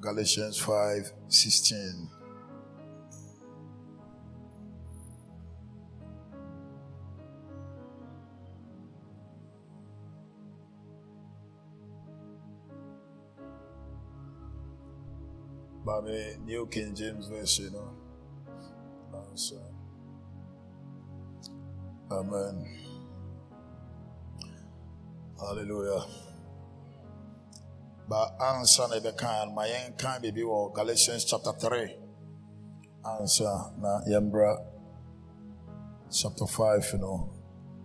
Galatians 5 16. by New King James Version. You know? so, amen. Hallelujah. But answer Nebekan, my kind be or Galatians chapter 3. Answer na Yembra chapter 5, you know.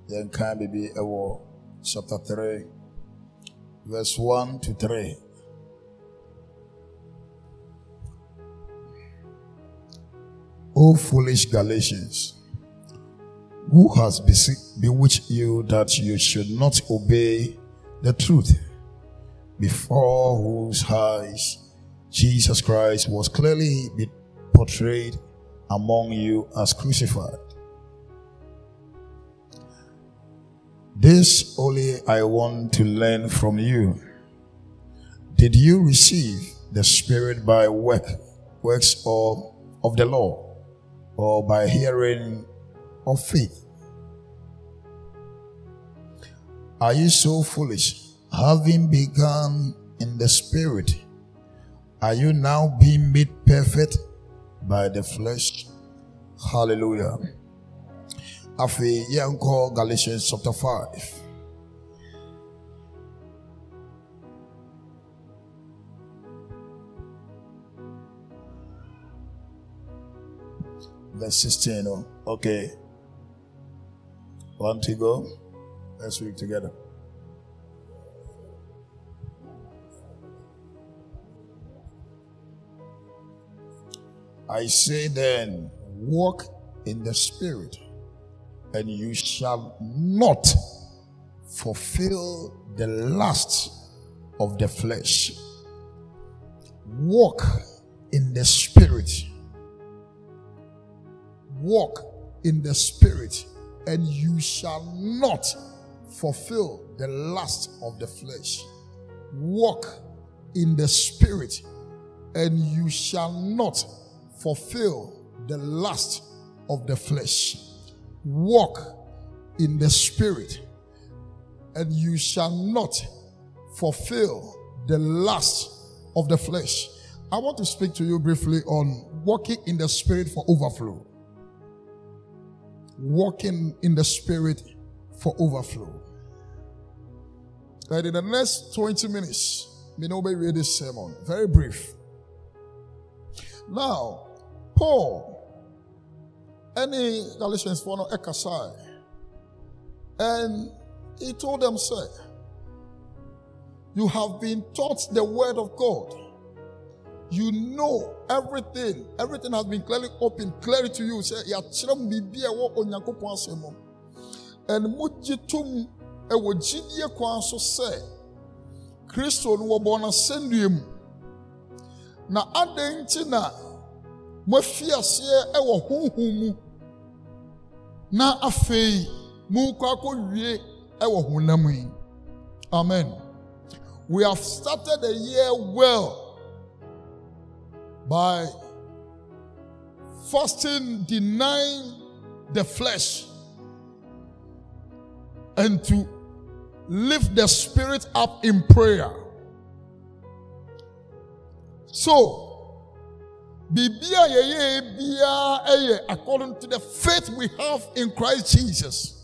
Yen kind be ewo chapter 3, verse 1 to 3. O foolish Galatians, who has bewitched you that you should not obey the truth? before whose eyes Jesus Christ was clearly portrayed among you as crucified. This only I want to learn from you. Did you receive the Spirit by work, works or of the law, or by hearing of faith? Are you so foolish? having begun in the spirit, are you now being made perfect by the flesh? Hallelujah. Afi Yanko Galatians chapter 5. Verse 16. Okay. Want to go? Let's read together. I say then, walk in the Spirit, and you shall not fulfill the lust of the flesh. Walk in the Spirit. Walk in the Spirit, and you shall not fulfill the lust of the flesh. Walk in the Spirit, and you shall not fulfill the lust of the flesh. Walk in the spirit, and you shall not fulfill the lust of the flesh. I want to speak to you briefly on walking in the spirit for overflow. Walking in the spirit for overflow. And in the next 20 minutes, may nobody read this sermon. Very brief. Now, Paul, any Galatians 4 no Ekasai, and he told them, say, you have been taught the word of God. You know everything. Everything has been clearly open, clearly to you. Say, yàtúrẹ́ mu bíbí wọ́ onyankopɔn asẹ̀ And mo gye tom ɛwɔ gyidie kwan Christian sɛ kristo no Na adɛn na moafi aseɛ wɔ honhom mu na afei monkɔ akɔwie wɔ honam yi amen we have started the year well by fasting denying the flesh and to lift the spirit up in prayer so bia according to the faith we have in Christ Jesus.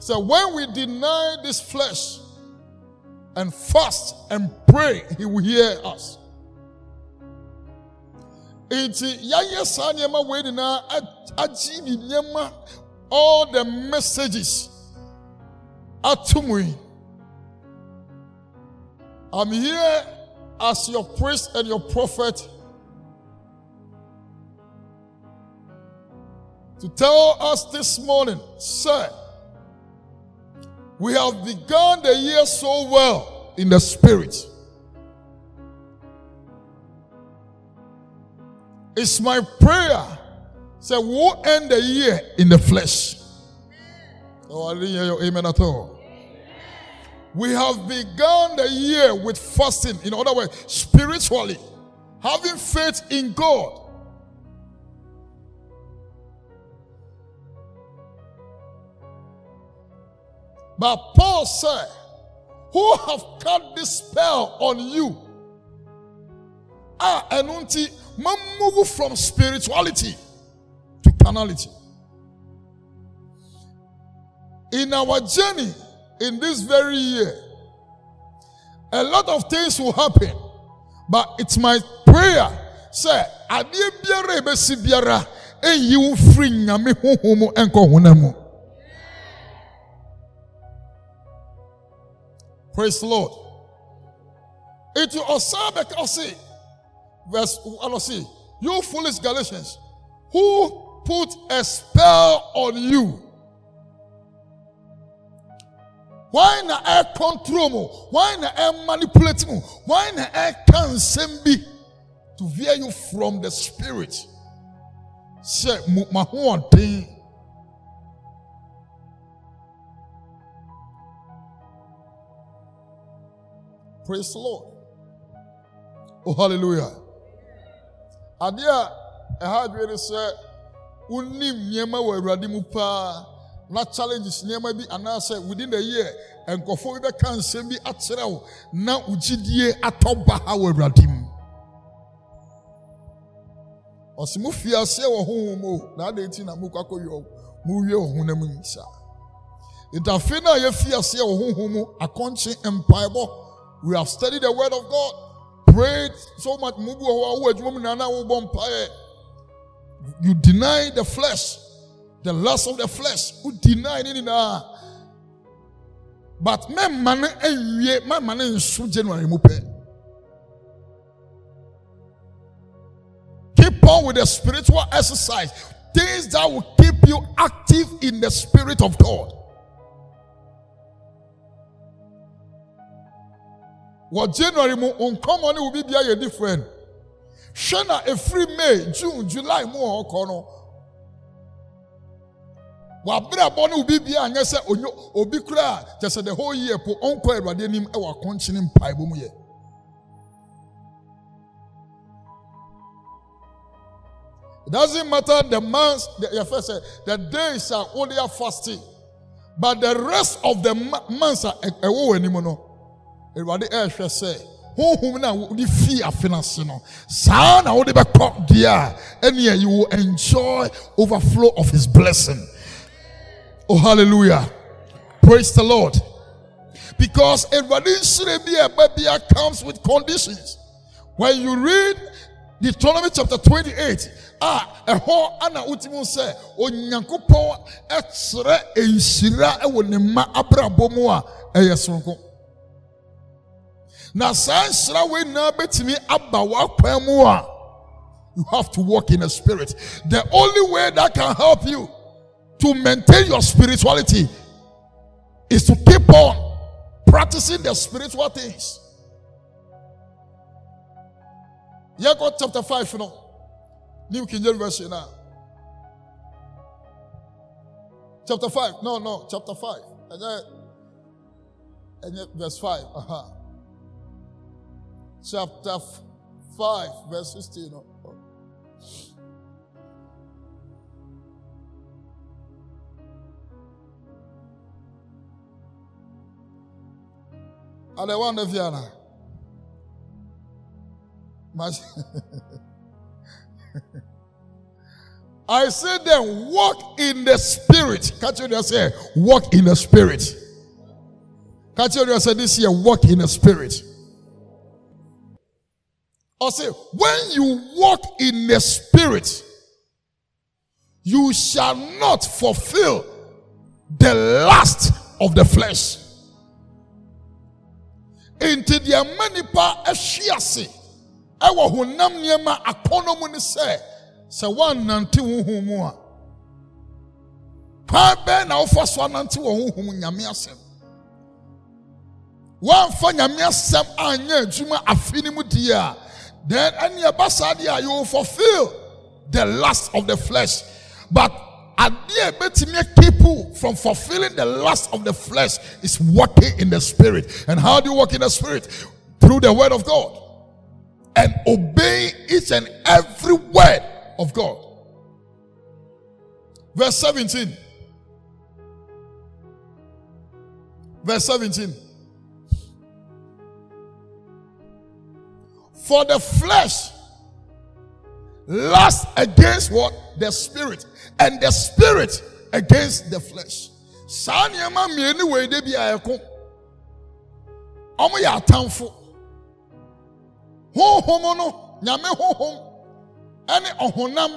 So when we deny this flesh and fast and pray, he will hear us. Enti all the messages are to me. I'm here as your priest and your prophet to tell us this morning, sir, we have begun the year so well in the spirit. It's my prayer. Say, we'll end the year in the flesh. Oh, I didn't hear your amen at all. We have begun the year with fasting. In other words, spiritually, having faith in God. But Paul said, Who have cut this spell on you? Ah, and until move from spirituality to carnality. In our journey, in this very year, a lot of things will happen, but it's my prayer. sir. adeɛ biara Praise Lord. It ɔsan bɛka verse you foolish Galatians who put a spell on you. Why na air control mo? Why na air manipulate mo? Why na air can send be to veer you from the spirit? Say, my one thing. Praise the Lord. Oh, hallelujah. Adia, I had really said, Unim Yema were Radimupa na challenges nneɛma bi anaasɛ within the year nkɔfoɔ bi bɛka nsɛm bi akyerɛ wo na wogyidie atɔ ba ha wɔ awurade mu ɔsi mu fi aseɛ wɔ o na adi eti na mu kɔ akɔyɛ mu wie wɔ honam nyisa ntafe na yɛfi aseɛ wɔ honhom mu akɔnkye mpaebɔ we have studied the word of god prayed so much mu bi wɔ hɔ a wo adwuma mu nana mpaeɛ you deny the flesh the lust of the flesh who deny in nyinaa but mɛma man awie mɛma no nso january mu keep on with the spiritual exercise things that will keep you active in the spirit of god What january on common will be bibia different shana na free may june july mo wɔ obi bia sɛ onyo obi kura the whole year po ɔnkɔ awurade anim ɛwɔ akɔnkyene mpaebɔ mu yɛ it doesn't matter the months The fɛ sɛ eh, the days are only yɛ fasting but the rest of the months a ɛwɔ wɔn anim no awurade ɛrehwɛ sɛ honhom na wɔde fi afenase no saa na wɔde bɛkɔ deɛ Anya, you will enjoy overflow of his blessing. Oh, hallelujah. Praise the Lord. Because a Evangelism comes with conditions. When you read Deuteronomy chapter 28, ah, ɛhɔ ana wotumi sɛ onyankopɔn ɛkyerɛ nhyira ɛwɔ ne mma abrabɔ mu a ɛyɛ soronko. Na saa nhyira wei nyinaa bɛtumi aba you have to walk in the spirit. The only way that can help you to maintain your spirituality is to keep on practicing the spiritual things. Yeah, chapter 5, now, New King James Version now. Chapter 5. No, no, chapter 5. And yet, and verse 5. Uh-huh. Chapter 5, verse 16. I say then walk in the spirit. Catch you there say walk in the spirit. Catch you there say this year walk in the spirit. I say when you walk in the spirit you shall not fulfill the lust of the flesh nti deɛ mma nipa ahyi ase ɛwɔ honam nneɛma akɔnɔ mu ne sɛ sɛ wɔannante honhom mu a kwan bɛɛ na wofa so anante wɔ honhom nyame asɛm wɔamfa nyame asɛm anyɛ adwuma mu die a then ɛne ɛba saa deɛ a you will fulfill the lust of the flesh but adeɛ betumi keep you from fulfilling the lust of the flesh is walking in the spirit. And how do you walk in the spirit? Through the word of God and obey each and every word of God. Verse 17. Verse 17. For the flesh lusts against what? The spirit and the spirit against the flesh. saa nneɛma mmienu wɔ ede bi a ɛko wɔn yɛ atamfo honhom no nyame honhom ɛne ɔhonam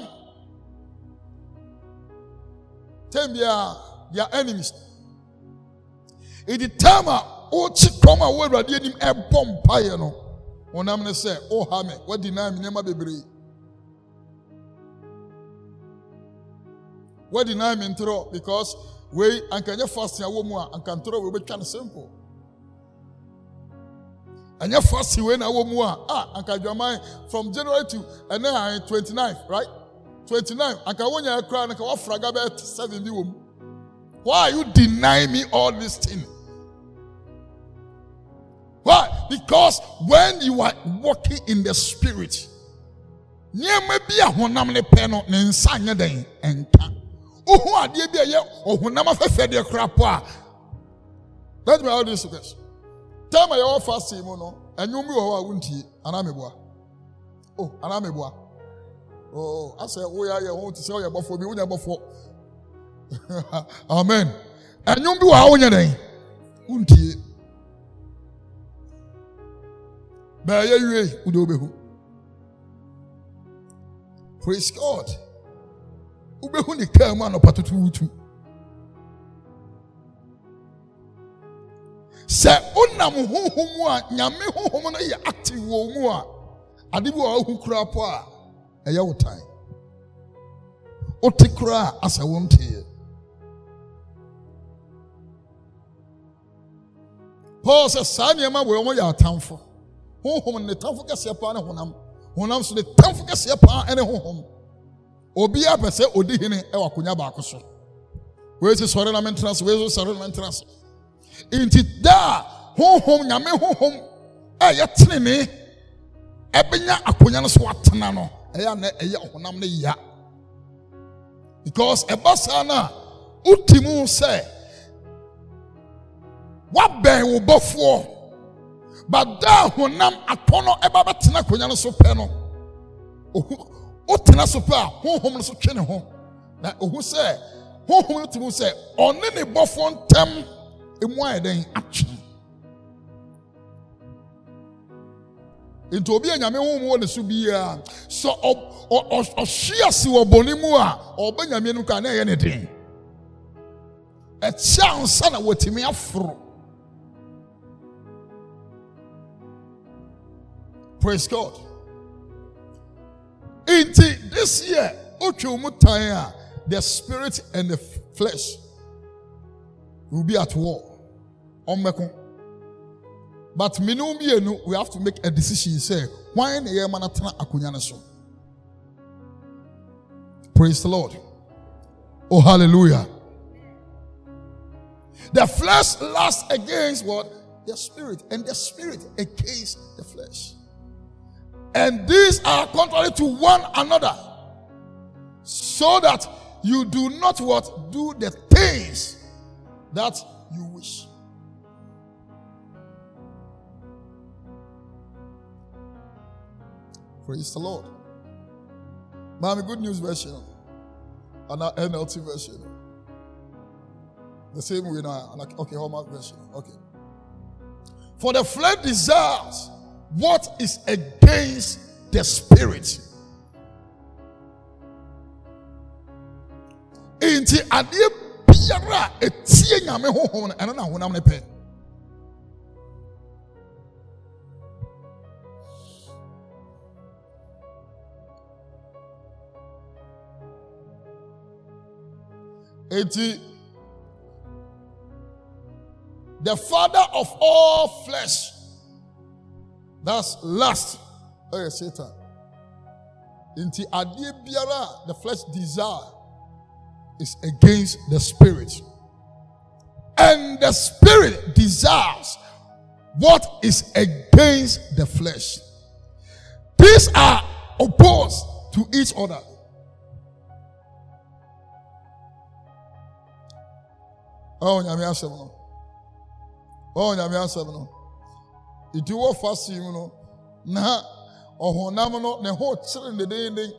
tɛm bia their enemies edi tɛm a wɔrekyi kɔm a wɔn awurade anim ɛbɔ mpaeɛ no honam ne sɛ ɔha oh, mɛ wɔdi nan mi nneɛma bebree. wọ́n di nan mi ntoro because wei ankanyɛ fasting awɔ mu a anka ntoro wei bɛtwa can simple ɛnyɛ fasting when na awɔ Ah, a can anka adwaman from january to ɛnɛ ahen twenty nine right twenty nine anka can nyɛ kura no ka wɔafraga bɛyɛ seven bi wɔ mu why you deny me all this thing why because when you are walking in the spirit nneɛma bi a honam ne pɛ no ne nsa nyɛ den nka. wohu adeɛ bi a ɛyɛ ɔhonam afɛfɛdeɛ kora po a let me ask this question time a yɛwɔ fasting mu no ɛnwom bi wɔ hɔ a wontie anaa oh anaa oh asɛ woyɛ ayɛ wɔn ti sɛ ɔyɛ bɔfo bi bɔfo amen ɛnwom bi wɔ hɔ a dɛn praise god. wobɛhu ne kaa mu anɔpa totowutu sɛ wonam honhom mu a nyame honhom no yɛ active wɔ mu a ade bi wɔ wohu po a ɛyɛ wo tan wote kora a asɛ wo nteeɛ paul sɛ saa nneɛma wɔ wɔn yɛ atamfo honhom ne tamfo kɛseɛ paa ne honam honam so ne tamfo kɛseɛ paa ne honhom obiara pɛ sɛ odi hene wɔ akonnwa baako so wei sɔre na mentena so wei si sɔre na mentena so nti daa honhom nyame honhom a yɛ tenene ɛbɛnya akonnwa no so atena no ɛyɛ ana ɛyɛ ɔhonam no ya because ɛba saa no a woti mu sɛ wabɛn wo bɔfoɔ but daa honam atɔ no ɛba bɛtena akonnwa no so pɛ no wotena so pɛ a honhom no so twe ne ho na ohu sɛ honhom no tumi sɛ ɔne ne bɔfoɔ ntɛm emu ayɛ dɛn atwe nti obi a nyame honhom wɔ ne so biara sɛ ɔhwe ase wɔ bɔne mu a ɔbɛ nyame no ka na ɛyɛ ne den ɛkyɛ ansa na aforo praise god Nti this year, otwe the spirit and the flesh will be at war. But minnu we have to make a decision Say, why na yɛn akunyana so. Praise the Lord. Oh hallelujah. The flesh lusts against what? The spirit, and the spirit against the flesh. And these are contrary to one another. So that you do not what? Do the things that you wish. Praise the Lord. Mommy, good news version. And our NLT version. The same way now. Okay, Hallmark version. Okay. For the flesh desires what is against the spirit. Nti adeɛ biara a etie nyame honhom no ɛno na honam ne pɛ. the father of all flesh. That's lust. Oh, Satan. Into biara, the flesh desire is against the spirit. And the spirit desires what is against the flesh. These are opposed to each other. Oh, Nyame asem no. Oh, Nyame asem no nti wɔfa si mu no na ɔhonam no ne ho kyerɛ ne deenden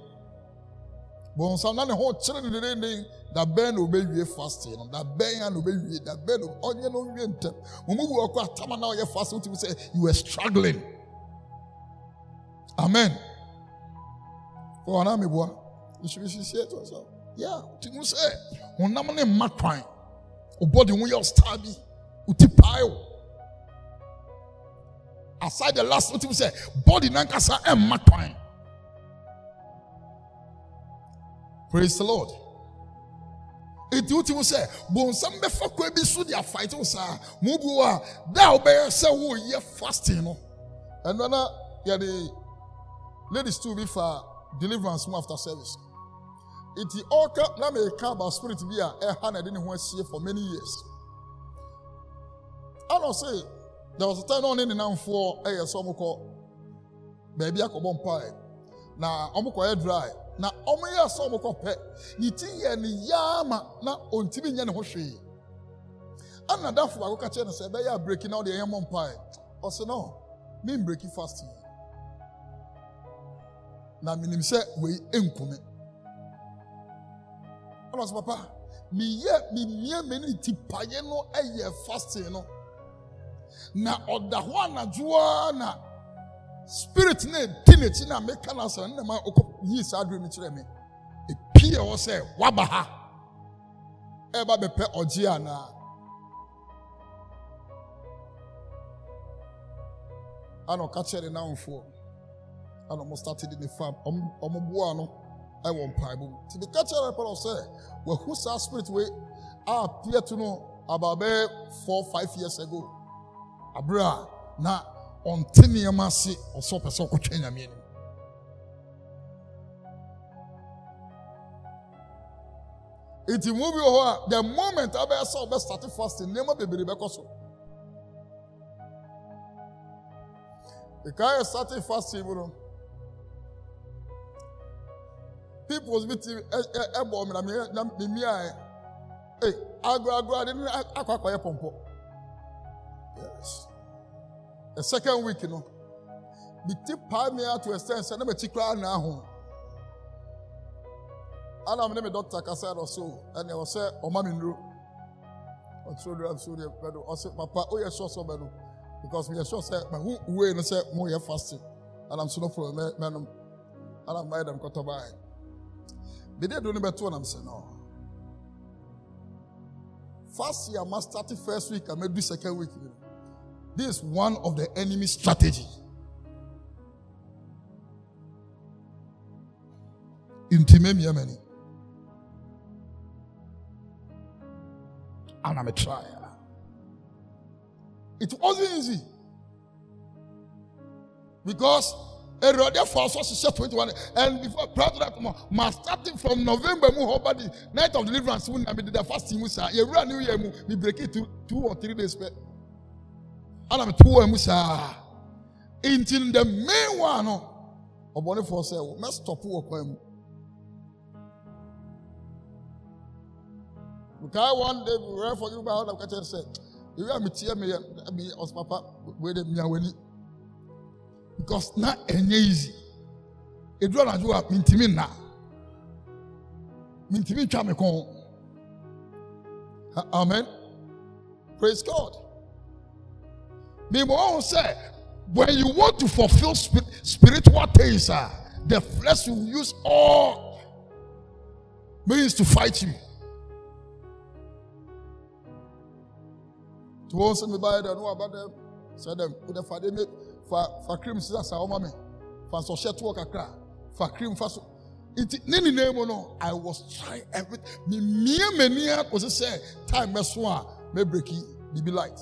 bonsam na ne ho kyerɛ ne deenden dabɛn na obewie fasting no dabɛn a na obewie dabɛn na ɔnyɛ na owie ntɛm wɔn mu wu ɔkɔ atama na ɔyɛ fasting wotu sɛ you were struggling amen wɔn anam ebua nsirisi etu ɔsɔ ya ti mu sɛ honam ne mma kwan ɔbɔ de ho yɛ ɔstaa bi ɔti paa yɛ aside the last you say? body nankasa ɛmma twan praise the lord nti wotim sɛ bonsam bɛfa kwan bi so de afaete wo saa mubuo a da a wobɛyɛ sɛ woyɛ fasting And then na uh, yɛde ladies too be for deliverance more after service nti ɔka na meka about spirit be a ɛha na ɛde ne ho asie for many years I don't say. there was a time na ɔne ne namfoɔ ɛyɛ eh, sɛ ɔmokɔ baabi akɔbɔ mpae na ɔmokɔyɛ dry na ɔmoyɛ sɛ ɔmokɔ pɛ ne ti yɛ ne na ɔntimi nyɛ ne ho hwee ana sɛ ɛbɛyɛ a na ɔde ɛyɛ mmɔ mpae ɔsɛ no breki na sɛ wei papa ti no ɛyɛ fasting no na ɔda hɔ anadwoa na spirit na edi n'akyi na meka na asɛn na ma okɔ yi saa aduro mi kyerɛ mi epi ɛwɔ sɛ waba ha ɛba bɛpɛ ɔgye anaa ana ɔka kyerɛ ne nanfoɔ ana ɔmo start de ne fam ɔmo ɔmo boa no ɛwɔ mpaebɔ mu te bi ka kyerɛ pɛrɛ sɛ wahu saa spirit wei a peɛ to no about bɛɛ four five years ago. abere a na ɔnte nneɛma ase ɔsɛ ɔpɛ sɛ ɔkɔtwa nyame anim nti mu bi wɔ hɔ a the moment abɛyɛ sɛ ɔbɛstate fasting nneɛma bebree bɛkɔ so ɛkaayɛ state fasting mu no people bi ti ɛbɔ ɔmena mimi a ɛ eh, agoragoradeɛ no akɔ akɔyɛ pɔmpɔ Yes. The second week, you know, me tip me out to a sense, and I'm a chikra now. And I'm named Dr. Kasar or so, and I was say, Oh, mommy, no. am sorry. I'm sorry, but I said, Papa, oh, yes, so bad. Because we are sure, said, My who way, and I said, More, you're fasting. And I'm so for a man, and I'm mad, I'm to buy. But there, don't know what I'm saying, no. First year, I must start the first week, I may do second week. You know. This is one of the enemy's strategy. Intime Yemeni. And I'm a trier. It wasn't easy. Because Erode for us was 21. And before prior to that, my starting from November, the night of deliverance, when I did the fasting, we break it to two or three days. ana mete wɔ mu saa nti n dɛ meanwhile no ɔbɔnefoɔ sɛ wo mɛstɔpo wɔ kwan mu nkae one day wɛrɛfoɔ yi ba hɔ na mo ka kyerɛ sɛ ewi a metie me yɛ mi ɔsɛ papa wei de mia w'ani because na ɛnyɛ easy edu anadwo a mintimi na mintimi ntwa me kɔn amen praise god. Meanwhile, say, when you want to fulfill spiritual things, uh, the flesh will use all means to fight you. To also me by the know about them, said them, with the father made for cream scissors, our mommy, for so shit work a for cream so. It name no, I was trying everything. Me, me, me, was say, time, mess one, may break be light.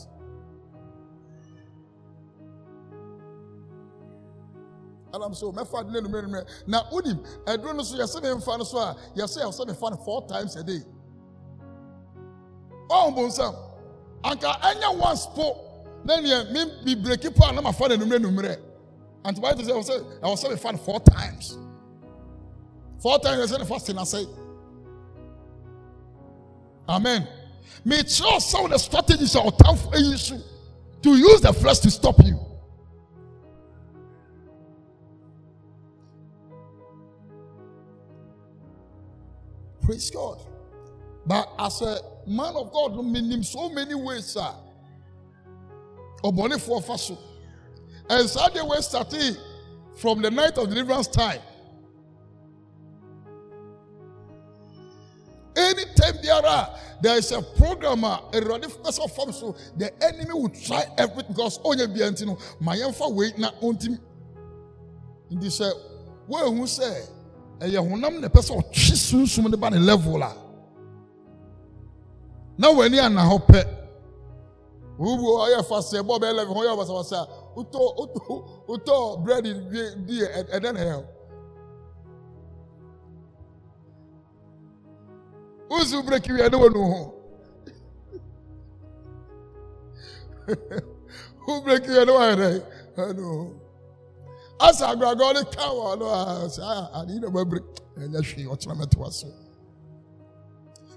I'm so mɛfa de ne Now Udim, I don't know so yɛsɛ ne nfa no so say i yɛsɛ ne fa no four times a day ɔn oh, bonsam anka ɛnyɛ once spoke, then you mean mi break it na ma fa ne numre does antibiotics say I yɛsɛ ne fa no four times four times said the first thing I say. amen some of the strategies a ɔtamfo to use the flesh to stop you. Praise God. But as a man of God, meaning so many ways, sir. Obonifu Faso. And Saturday was starting from the night of deliverance time. Anytime there are, there is a programmer, a radical form, so the enemy will try everything because only be antino. My way na And in uh, said, Well, who say ɛyɛ honam na ɛpɛ sɛ ɔtwe sunsum no ba ne level a na w'ani ana hɔ pɛ wubu ɔyɛ fasa ɛbɔ bɛyɛ level ɔyɛ wasawasa wotɔ wotɔ wotɔ bread bi di yɛ ɛdɛ na yɛ wusu breki wiɛ ne wɔn ho wo breki wiɛ ne wɔn ayɛ dɛ ɛnu ho asa agoragora ne ka wɔn no a saa ade yi na wabere ɛnyɛ hwee ɔkyerɛ mɛtoa so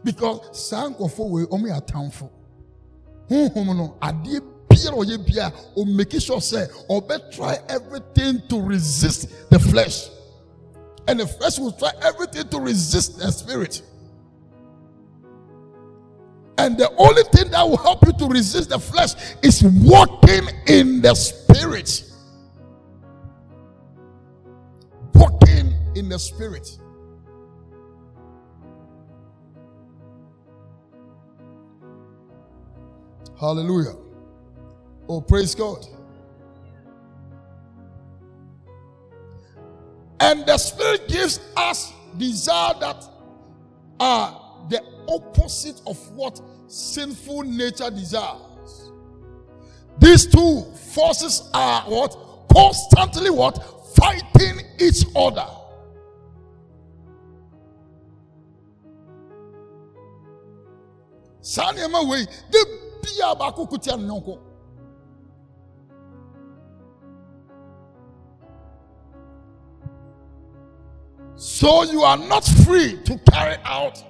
because saa nkɔfo wei wɔn yɛ atamfo honhom no adeɛ biara ɔyɛ bia o make sure sɛ ɔbɛ try everything to resist the flesh and the flesh will try everything to resist the spirit. And the only thing that will help you to resist the flesh is walking in the spirit walking in the spirit. Hallelujah. Oh, praise God. And the Spirit gives us desire that are the opposite of what sinful nature desires. These two forces are what? Constantly what? fighting each other. saa nneɛma wei de bia baako kutia ne so you are not free to carry out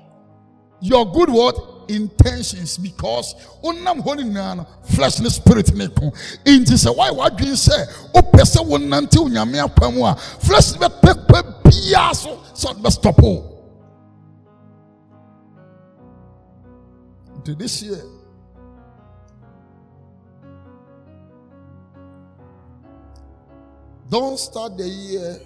your good word intentions because wonam hɔ nyinaa no flesh ne spirit ne ko nti why? wayɛ wadwene sɛ wopɛ sɛ wonante onyame apa mu a flesh ne bɛpɛ kwa biaa so sɛ ɔde this year don't start the year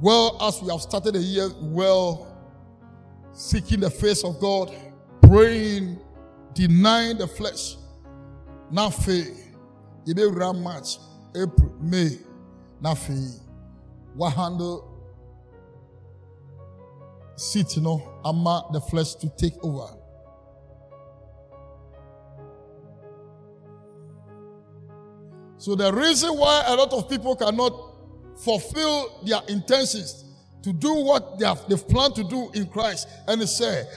well as we have started the year well, seeking the face of God, praying, denying the flesh, not faith. It be March, April, May, not faith. sit, handle you know, ama the flesh to take over. So the reason why a lot of people cannot fulfill their intentions to do what they have, they've planned to do in Christ. And he said,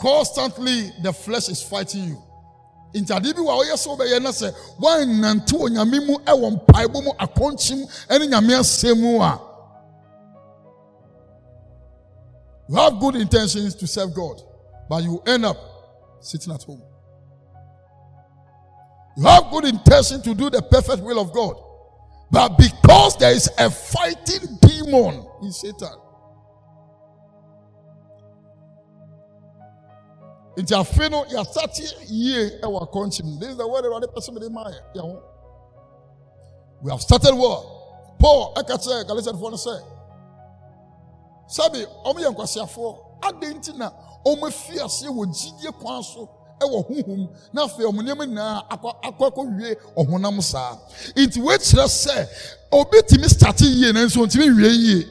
constantly the flesh is fighting you. nti adeɛ bi wɔ a ɔyɛ na sɛ wɔannante wɔ nyame mu wɔ mpaebɔ mu mu you have good intentions to serve god but you end up sitting at home you have good intention to do the perfect will of god but because there is a fighting demon in Satan. it is a no yɛasate this is the word we have started war. paul ɛka kyerɛ galatianfoɔ no sɛ sɛbe ɔmo yɛ nkwaseafoɔ adɛn nti na ɔmo afi aseɛ wɔ wɔ huhum na afei ɔmo nneɛma nyinaa akɔ akɔ akɔwie ɔhonam saa nti wɔakyerɛ sɛ obi tumi start yie nanso ntumi wie yie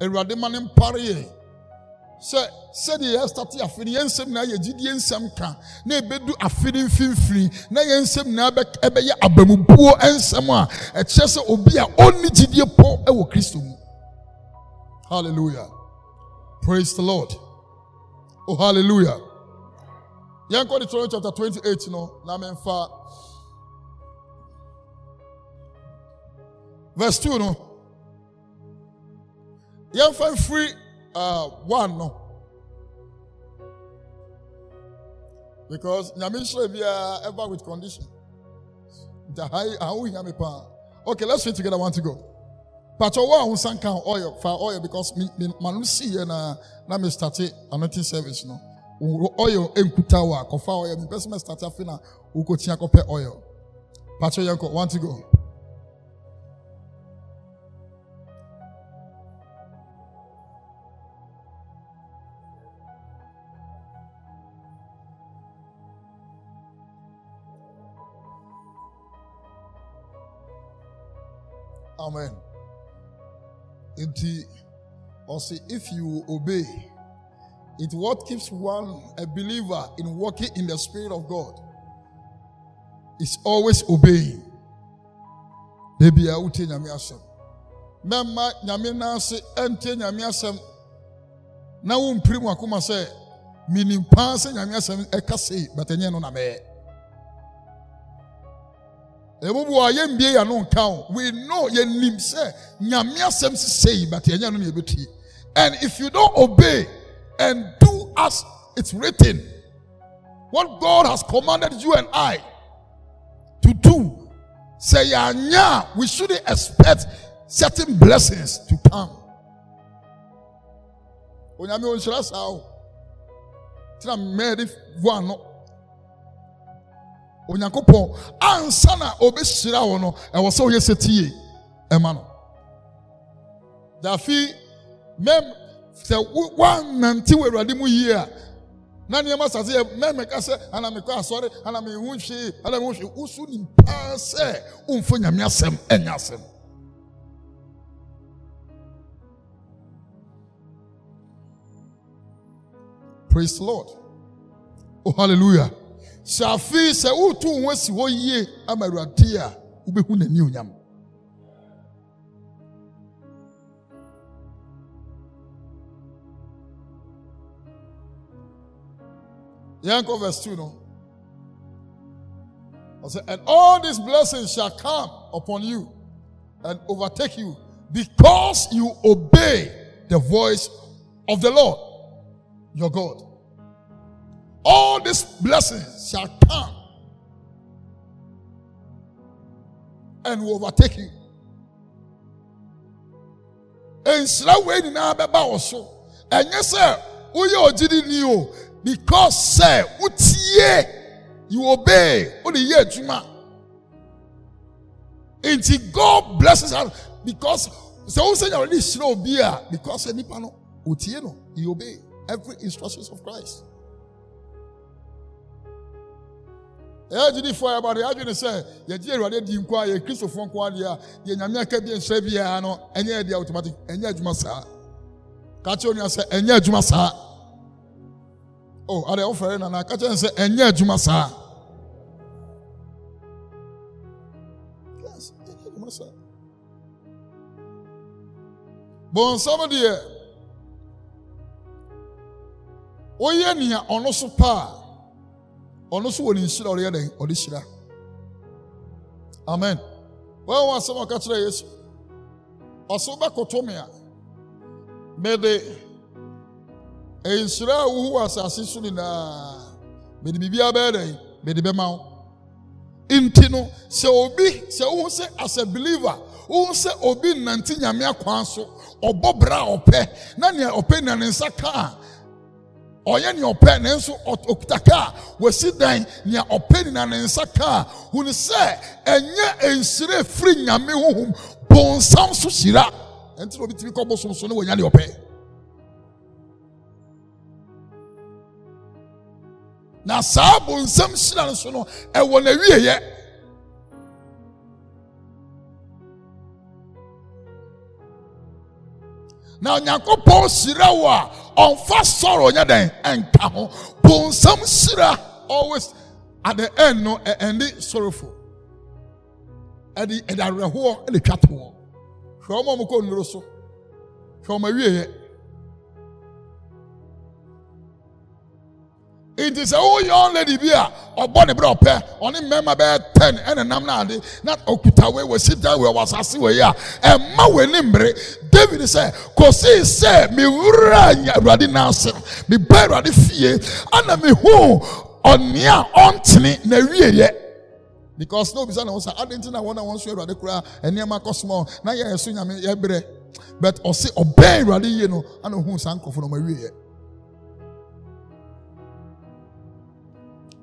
awurade ma ne mpare yɛ sɛ sɛdeɛ yɛ start afe no yɛn nsɛm nyinaa yɛ gyidie nsɛm ka na ebedu afe no mfimfini na yɛn nsɛm nyinaa bɛyɛ abamubuo nsɛm a ɛkyerɛ sɛ obi a ɔnni gyidie pɔ wɔ kristo mu hallelujah praise the lord. Oh, hallelujah. Yankɔ Deuteronomy chapter 28 no, na mɛmfa. Verse 2 no. Yɛmfa free uh, 1 no. Because nyame we are ever with condition. me Okay, let's read together. one to go. pàtó wọ́n àwọn sanka ọ̀yọ̀ fa ọ̀yọ̀ because mi na na me start anointing service no oil nkuta wa kofa oil mi pẹ́sí mi start afi na a kọ pẹ́ ọ̀yọ̀ to go. nti ɔsi if you obey it what keeps one a believer in walking in the spirit of god is always obeying ebi a wote nyame asɛm mɛma nyame n'ase ɛnte nyame asɛm na wɔn mpiri mu akoma sɛ minim paa sɛ nyame asɛm ɛka sei bɛtɛ nyɛ no na mɛyɛ we know but and if you don't obey and do as it's written what god has commanded you and i to do say we shouldn't expect certain blessings to come ano onyankopɔn ansa na obɛhyira wɔ no ɛwɔ sɛ woyɛ sɛ tie ɛma no dafi mem sɛ woannante wɔ awurade mu yie a na nneɛma sase yɛ mɛmɛka sɛ ana mekɔ asɔre ana mehu hwee ana mehu hwee wosu nim sɛ womfa nyame asɛm ɛnyɛ asɛm praise lord oh hallelujah sɛ afei sɛ wo ho hɔ yie ama awurade a wobɛhu n'ani onyam yɛnkɔ 2 no ɔsɛ and all these blessings shall come upon you and overtake you because you obey the voice of the lord your god all these blessings shall come and will overtake you. Nsira wei nyinaa bɛba wɔ so. Ɛnyɛ sɛ woyɛ ogyidini o because sɛ wotie you obey wode yɛ And see, God blesses her because sɛ wo sɛ nyɛ already sira obi a because nipa no otie no he obey every instructions of Christ. ɛyɛ agyidifoɔ a yɛba no yɛadwene sɛ yɛgye awurade di nko a yɛ kristofoɔ nko adeɛ a deɛ nyame aka bi nsɛ biara no ɛnyɛ ɛdeɛ automatic ɛnyɛ adwuma saa ka kyerɛ onua sɛ ɛnyɛ adwuma saa o ade wofɛre nana ka kyerɛ ne sɛ ɛnyɛ adwuma saa bɔnsam deɛ woyɛ nea ɔno so paa ɔno nso wɔ ne nhyira ɔreyɛ dɛn ɔde hyira amen wɔn wɔn asɛm ɔka kyerɛ yesu ɔso bɛkoto me a mede nhyira a wohu wɔ asase so nyinaa mede biribiara bɛyɛ dɛn mede bɛma wo nti no sɛ obi sɛ wohu sɛ as a believer wohu sɛ obi nnante nyame akwan so ɔbɔ bra a ɔpɛ na nea ɔpɛ na ne nsa ka a ɔyɛ nea ɔpɛ nso ɔkuta kaa wɔsi dan nea ɔpɛ nina ne nsa kaa huni sɛ ɛnyɛ nsire firi nyame huhum bɔnsam so hyira ɛnti na obi tiri kɔ bosom so ne wɔnya nea ɔpɛ na saa bɔnsam hyira no so no ɛwɔ n'awieyɛ. na onyankopɔn hyira wo a ɔmfa sɔrɔ nyɛ dɛn ɛnka ho bonsam hyira always at the end no ɛnde sorrowful ɛde ɛde awerɛhoɔ ɛde twa to wɔn hwɛ wɔn a wɔkɔ nnuro so hwɛ wɔn awieɛ nti sɛ oh, young lady bi a ɔbɔ ne berɛ ɔpɛ ɔne mmarima bɛyɛ ten ɛne nam no ade na ɔkuta wei wɔsi dan wei ɔwɔ asase wei a ɛma w'ani mmere david sɛ kɔsii sɛ mewura awurade n'ase meba awurade fie ana mehu ɔnea ɔntene na wieɛ because na obisa na ho sɛ ade nti na wɔn a wɔn so awurade koraa nneɛma kɔ small na yɛyɛ so nyame yɛbrɛ but ɔse ɔbɛn awurade yie no ana ohu saa nkɔfo na ɔma wieɛ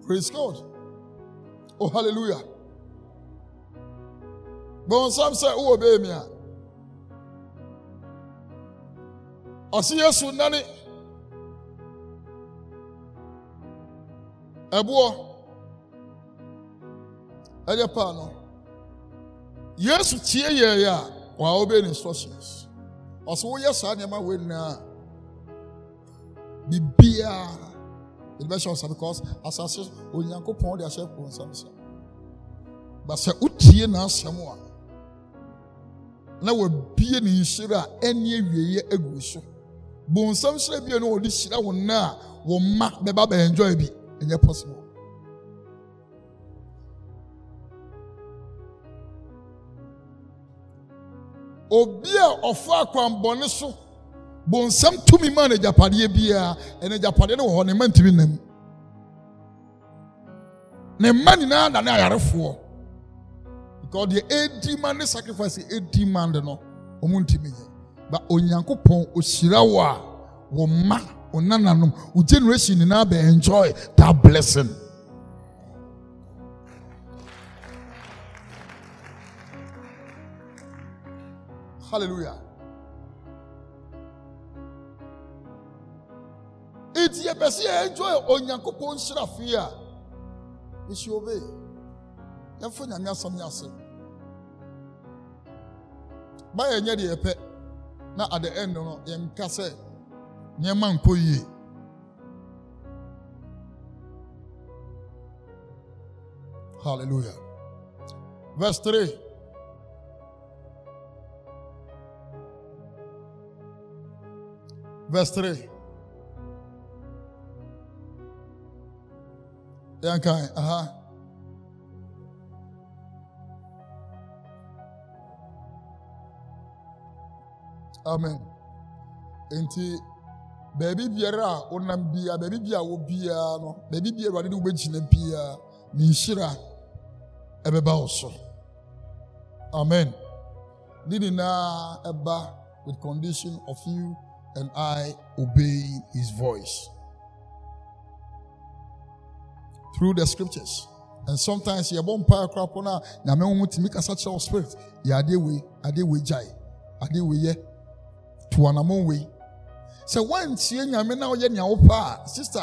Praise God. Oh, hallelujah. But some say, Oh, obey me. I see yes, Nani. "Ebo, Ẹyẹ pa no. Yes, tie yẹ yẹ a, wà á obey instructions. Ọ̀sán wọ́n yes saa ma wẹ̀ na, bibia." yɛdebɛhyɛ wo sa because asase onyankopɔn wode ahyɛ wo nsam sa but sɛ wotie n'asɛm a na wabie ne nhyira a ɛne awieeɛ agu so bonsam hyerɛ bia no wɔde hyira wo nna a wo mma bɛba bɛɛnjoy bi ɛnyɛ possible obi a ɔfa akwambɔne so bonsam tumi ma na agyapadeɛ biara ɛna agyapadeɛ no wɔ hɔ ne mma ntumi nam ne mma nyinaa na ne ayarefoɔ because deɛ edi the ne sacrifice edi ma no wɔn ntumi yɛ ba onyankopɔn ohyira wɔ a wɔn mma wɔn nananom wɔn generation nyinaa bɛ enjoy that blessing. Hallelujah. nti oh, a obe nyame deɛ yɛpɛ na at the end no nneɛma nkɔ yie hallelujah verse 3 verse 3 yɛnkan aha uh-huh. amen nti baabi biara a wonam biara baabi biara a wo biara no baabi biara awurade de wobɛgyina biara ne nhyira ɛbɛba wo so amen ne nyinaa ɛba with condition of you and i obeying his voice. through the scriptures. And sometimes you won't power crap on na me will make a such a spirit. Ya de we, ade we jai, ade we ye, to an among we. So once you nyame na oye nya sister,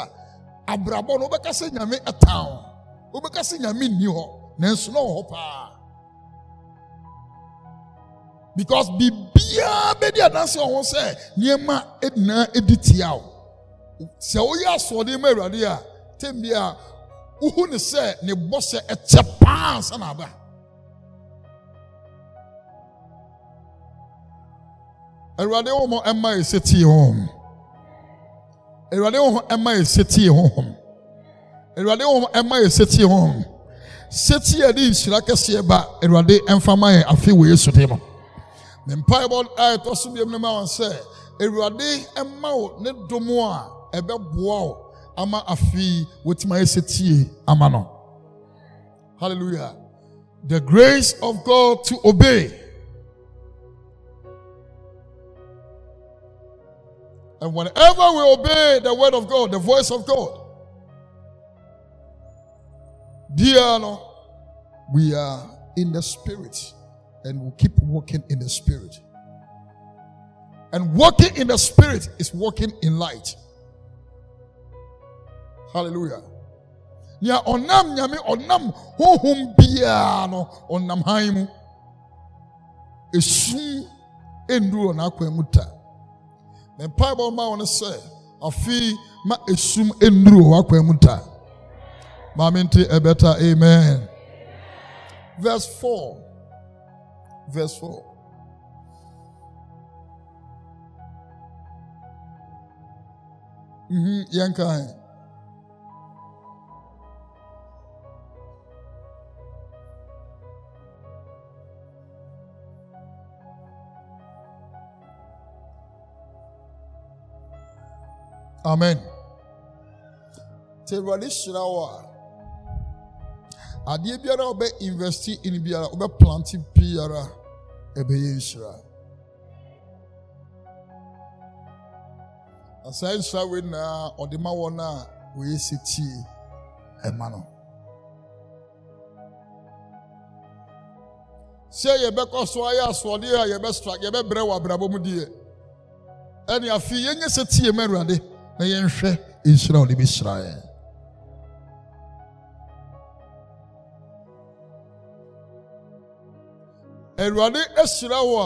abrabo no beka se nyame a town. Obeka se nyame ni ho, nanso na Because bibia be di adanse ho se, niema edina editia o. Se oye asode ma awurade a, tembia wohu ne sɛ ne bɔ sɛ ɛkyɛ paa ansa na aba awurade wo ho ɛma ɛsɛ tie honhom awurade wo ho ɛma ɛsɛ tie honhom awurade wo ho ɛma ɛsɛ tie honhom sɛti a de nhyira kɛseɛ ba awurade ɛmfa ma yɛn afei wɔ yesu de mu ne mpaebɔ a ɛtɔ so biam no ma wɔn sɛ awurade ɛma wo ne dom a ɛbɛboa wo ama afi wetima esetie ama no hallelujah the grace of god to obey and whenever we obey the word of god the voice of god dear we are in the spirit and we keep walking in the spirit and walking in the spirit is walking in light Hallelujah. nea onam nyame onam honhom biara no onam han mu esum enduro n'akwan mu ta na mpaebɔ ma wɔn sɛ ma esum enduro w'akwan mu ta maame nti ɛbɛta amen verse four verse four. Mm-hmm, yankai. Amen. Te Awurade hyira biara a investi in biara wɔbɛ planti biara ɛbɛyɛ nhyira. Na saa nhyira wei na ɔde ma wɔn a wɔyɛ sɛ tie ɛma no. Sɛ yɛbɛkɔ so ayɛ asoɔdeɛ a yɛbɛsra yɛbɛbrɛ wɔ abrabɔ mu deɛ ɛne afei yɛnyɛ sɛ tie ma Awurade na yɛnhwɛ nhyira a ɔde bɛhyira yɛn awurade ahyira wo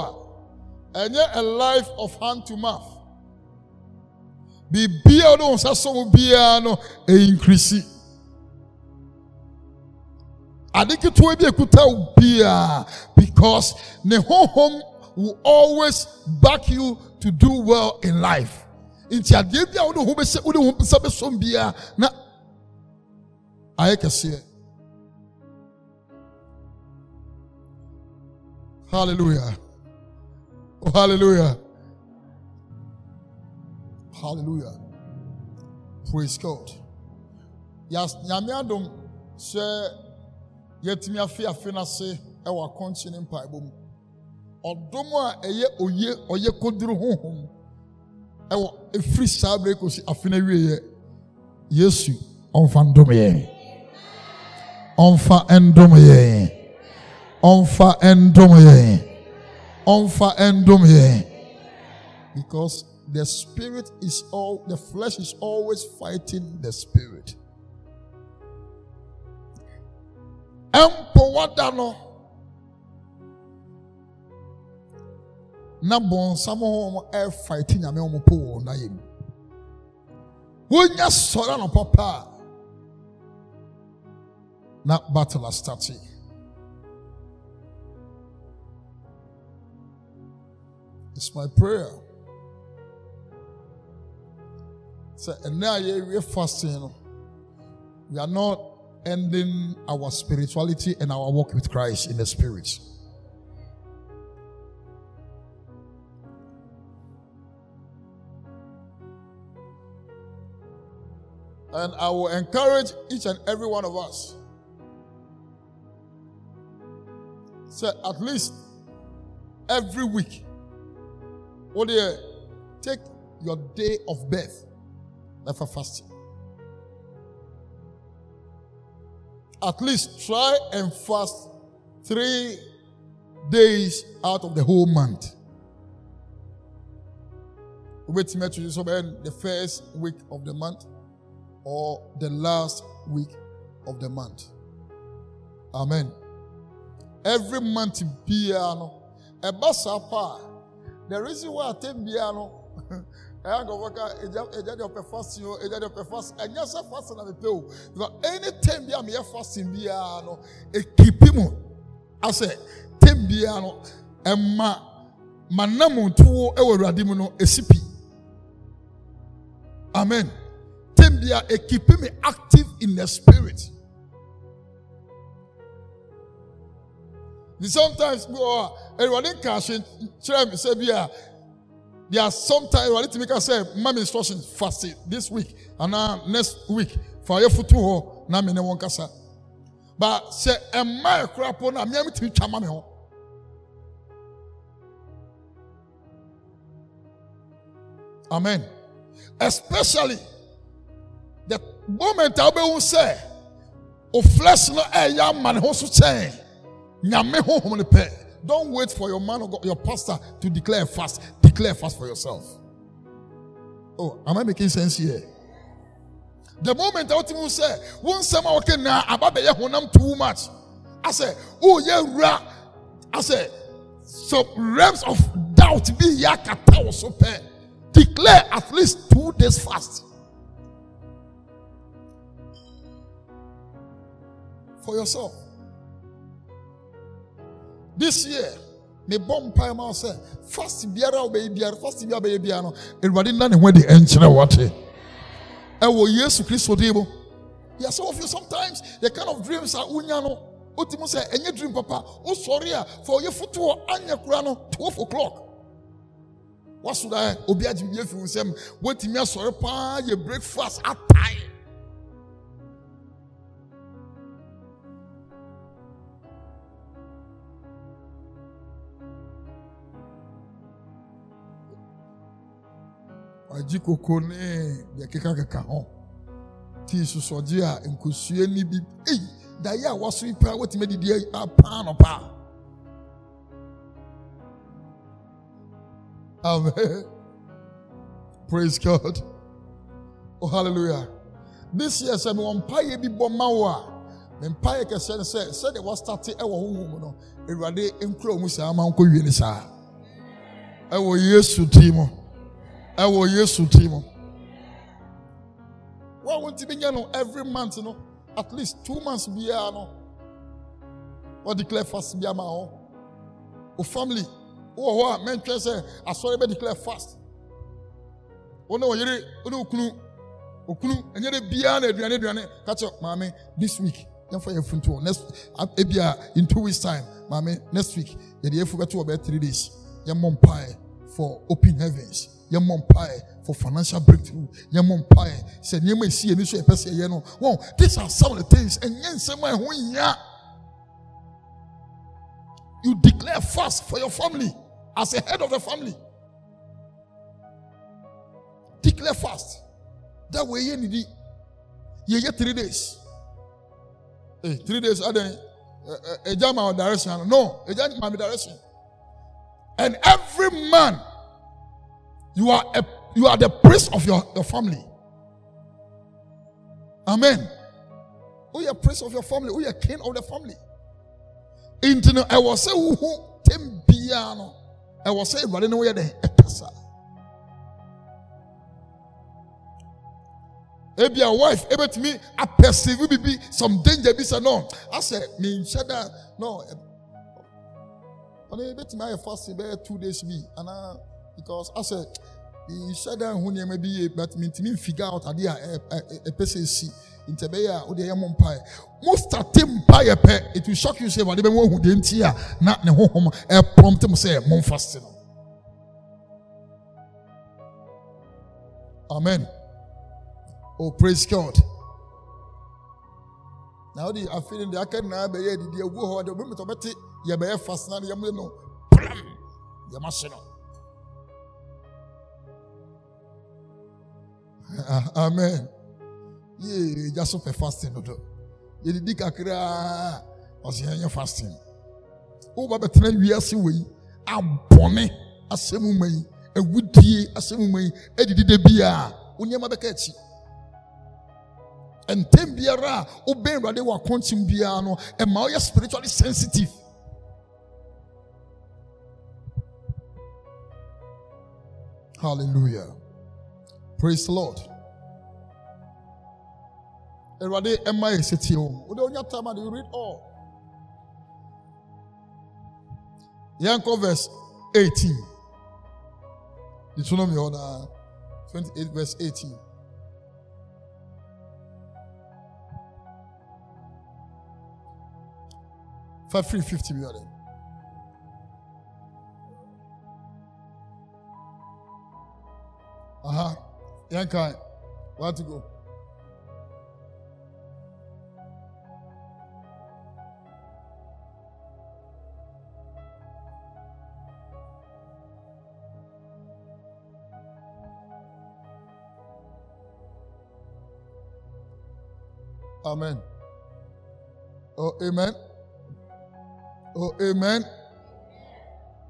a ɛnyɛ a life of hand to mouth biribiara a ɔde wo nsa so mu biara no ɛyinkirisi ade ketewa bi ekuta wo biara because ne honhom will always back you to do well in life nti adeɛ bi a wode ho bɛsɛ wode ho biara na ayɛ kɛseɛ hallelujah oh hallelujah hallelujah praise god yas nyame adom sɛ yɛatumi afe afe no ase ɛwɔ akɔnkye ne mpaebɔ mu ɔdom a ɛyɛ oye ɔyɛ koduru honhom ɛwɔ efiri saa bere kosi afina wie yɛ yesu ɔnfa ndom yɛn ɔnfa ndom yɛn ɔnfa ndom yɛn ɔnfa ndom yɛn because the spirit is all the flesh is always fighting the spirit. ɛmpɔ wada no. na bɔnsam wɔn ɛrefaiti nyame wɔn po wɔn n'ayɛ mu wonya sɔrɔ na battle it's my prayer sɛ a yɛwie fasting no we are not ending our spirituality and our walk with christ in the spirit. And I will encourage each and every one of us. Say, so at least every week, what do take your day of birth for fasting? At least try and fast three days out of the whole month. Wait till the first week of the month or the last week of the month. Amen. Every month in piano, a basapa. The reason why I take piano, I go work out, ejade of a fasting, oh, ejade of a fast, and yes, I fast and I pay. Because anytime I'm here fasting piano, it keep him. I say, take piano, and my manam to ewo radimu no esipi. Amen they are uh, keeping me active in the spirit. Sometimes, everybody can share me, say, yeah, there are sometimes, I everybody to make us say, my instructions fasting this week and now uh, next week. For your foot to na me ne won kasa. But say, am oh, I a crap on a me to be chamamel? Oh. Amen. Especially moment a wobɛhu sɛ o flesh no ɛyɛ ama ne ho so kyɛn nyame honhom no pɛ don't wait for your man God, your pastor to declare fast declare fast for yourself oh am i making sense here the moment a wotumi hu sɛ wo nsɛm a wɔke naa aba bɛyɛ honam too much asɛ woyɛ oh, wura asɛ some realms of doubt bi yɛ akata wo so pɛ declare at least two days fast for yourself. This year, me bomb pie ma sɛ fast biara wo biara fast biara bɛyɛ biara no awurade nna ne ho adi ɛnkyerɛ wate ɛwɔ yesu kristo din mu some of you sometimes the kind of dreams are unyano. no wotumi any dream papa wosɔre sorry for your fotoɔ anyɛ kora no 12 o'clock waso da obi agye bibia fi wo nsɛm woatumi sorry paa Your breakfast at time. a dit qu'on connaît, il y a quelqu'un qui a caron. ni bib. Hey, d'ailleurs, on suit pas, on me dit, ah, pas, non, Amen. Praise God. Oh, hallelujah. This year, sɛ mewɔmpaeɛ bi bɔ ma wo a mempaeɛ kɛsɛ no sɛ sɛdeɛ wɔstate ɛwɔ honhom mu no awurade nkura mu saa ma nkɔwie ne saa ɛwɔ yesu din mu ɛwɔ yesu ti mu wɔn a wɔntumi nya no every month no at least two months biara no wɔn declare fast bi ama hɔ o family wɔ hɔ a mɛntwɛ sɛ asɔre bɛ declare fast wɔn a wɔyere wɔn a wɔkunu okunu enyere biara na aduane aduane kakyɛ maame this week yɛnfa yɛn funtu wɔ next ebia in two weeks time maame next week yɛde yɛn fu bɛto wɔ bɛyɛ three days yɛn mɔ mpae for open heavens yɛmmɔ mpaeɛ for financial breakthrough yɛmmɔ mpaeɛ sɛ nneɛma esi yɛn nso yɛpɛ sɛ yɛyɛ no wɔn these are some of the things ɛnyɛ nsɛm a ɛho nyia you declare fast for your family as a head of the family declare fast that way yɛ nidi yɛyɛ three days eh hey, three days adan ɛgya ma direction. no ɛgya ma mi direction and every man. You are, a, you are the priest of your, your family. Amen. Who are priest of your family? Who are king of the family? I was say who tem I was say but I know where the etasa. Maybe a wife, Maybe to me, I perceive will be some danger. Be said no. I said me shada no. But maybe to me I fasting be two days me and I because as said, you said that when you may be, but me to figure out a dear a person see in Tebeya or the Yamon Pie. Most of them pie a pet, it will shock you, say, what even who didn't hear, not the home, a prompt him say, Mon fasting. Amen. Oh, praise God. Now, the I feel in the Akan, the dear woman, the woman, the better, you may have fast now, the Yamuno, Yamashino. Amen. Yeah, just for fasting, no. You did kakra was here fasting. Oh, but tonight we are seeing abɔne asɛm ma yi awudie asɛm ma yi adidi de bia wo nneɛma bɛka akyi ntɛm biara a wobɛn awurade wɔ akɔntim biara no ɛma woyɛ spiritually sensitive hallelujah praise the lord awurade ɛma yɛ sɛ tie wo wode wonya time and you read all yɛnkɔ verse 18 deuteronomy hɔ uh, 28 verse 18 fa firi 50 aha uh -huh. Yankai, we have to go. Amen. Oh, amen. Oh, amen.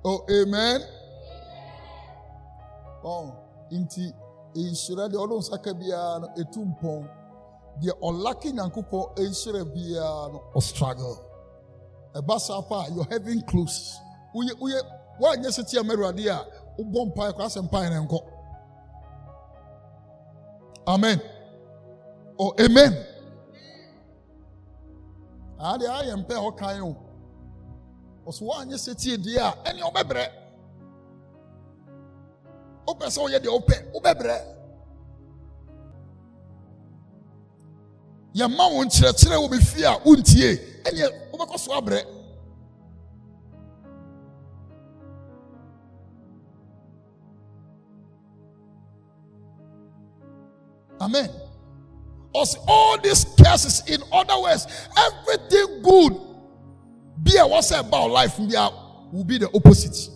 Oh, amen. Oh, inti nhyira deɛ ɔno nsaka biara no etu mpɔn deɛ ɔlaki nyankopɔn nhyira biara uh, no ɔstruggle ɛba saa pa your heaven close woyɛ woyɛ woanyɛ sɛ tia mɛruade a wobɔ mpae kora mpae ne nkɔ amen or oh, amen adeɛ ayɛ mpɛ hɔ kan o ɔso woanyɛ sɛ tie deɛ a ɛne ɔbɛbrɛ amen all these cases in other words everything good be a what's about life will be the opposite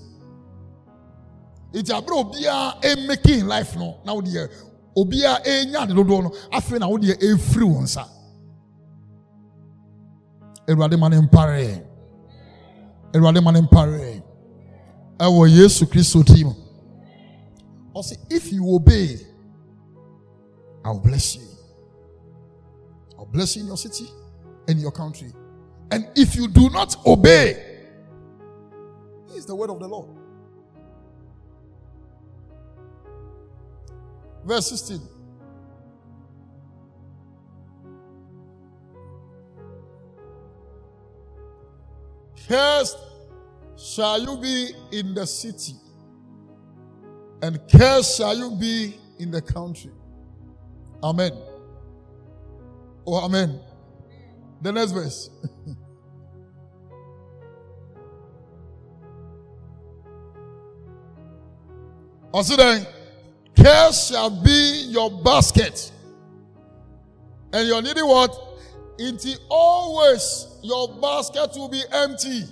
nti abere obiara emeke eh, in life no na wo deɛ obiara enya eh, ne dodoɔ no afei na wo deɛ efiri eh, wɔn nsa awurade ah. ma ne mpare awurade ma ne mpare ɛwɔ yesu kristo ti mu ɔsi if you obey i will bless you i will bless you in your city and in your country and if you do not obey this is the word of the lord. Verse 16. Cursed shall you be in the city, and cursed shall you be in the country. Amen. Oh, amen. The next verse. Ɔsi Care shall be your basket. And you're needing what? It's always your basket will be empty.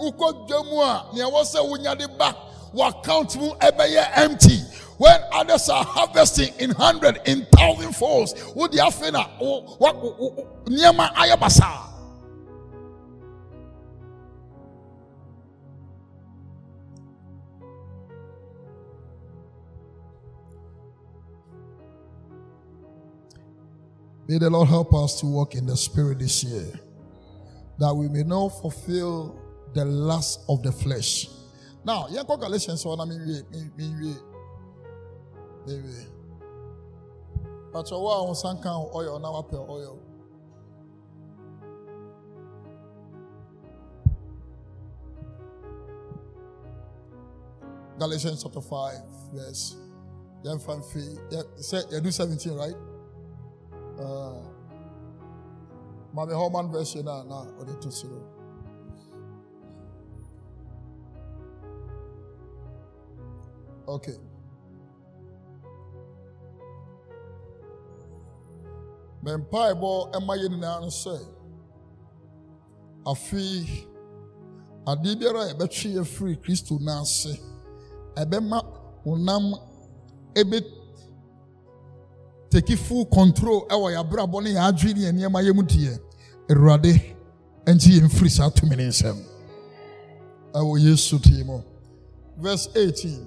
Ukodemua, niawase wunyadi back. Wakount mu ebeye empty. When others are harvesting in hundred, in thousand folds, would afena, niema ayabasa. May the Lord help us to walk in the Spirit this year, that we may not fulfill the lust of the flesh. Now, yeah, Galatians 1, I mean, we, we, we, But your wow, sun can oil, now up oil. Galatians chapter 5, verse. Yeah, from yeah, you do 17, right? Ah. maame hɔ man version a na ɔde to okay mempaebɔ ɛma yɛ nyinaa no sɛ afei adeɛ biara a yɛbɛtwe yɛ firi kristo n'ase ɛbɛma honam ebɛtu take full control ɛwɔ yɛabrabɔ ne yɛadwene ne nneɛma yɛ mu deɛ awurade ɛnkye yɛn firi saa tumi ne nsɛm ɛwɔ yesu tii mu verse 18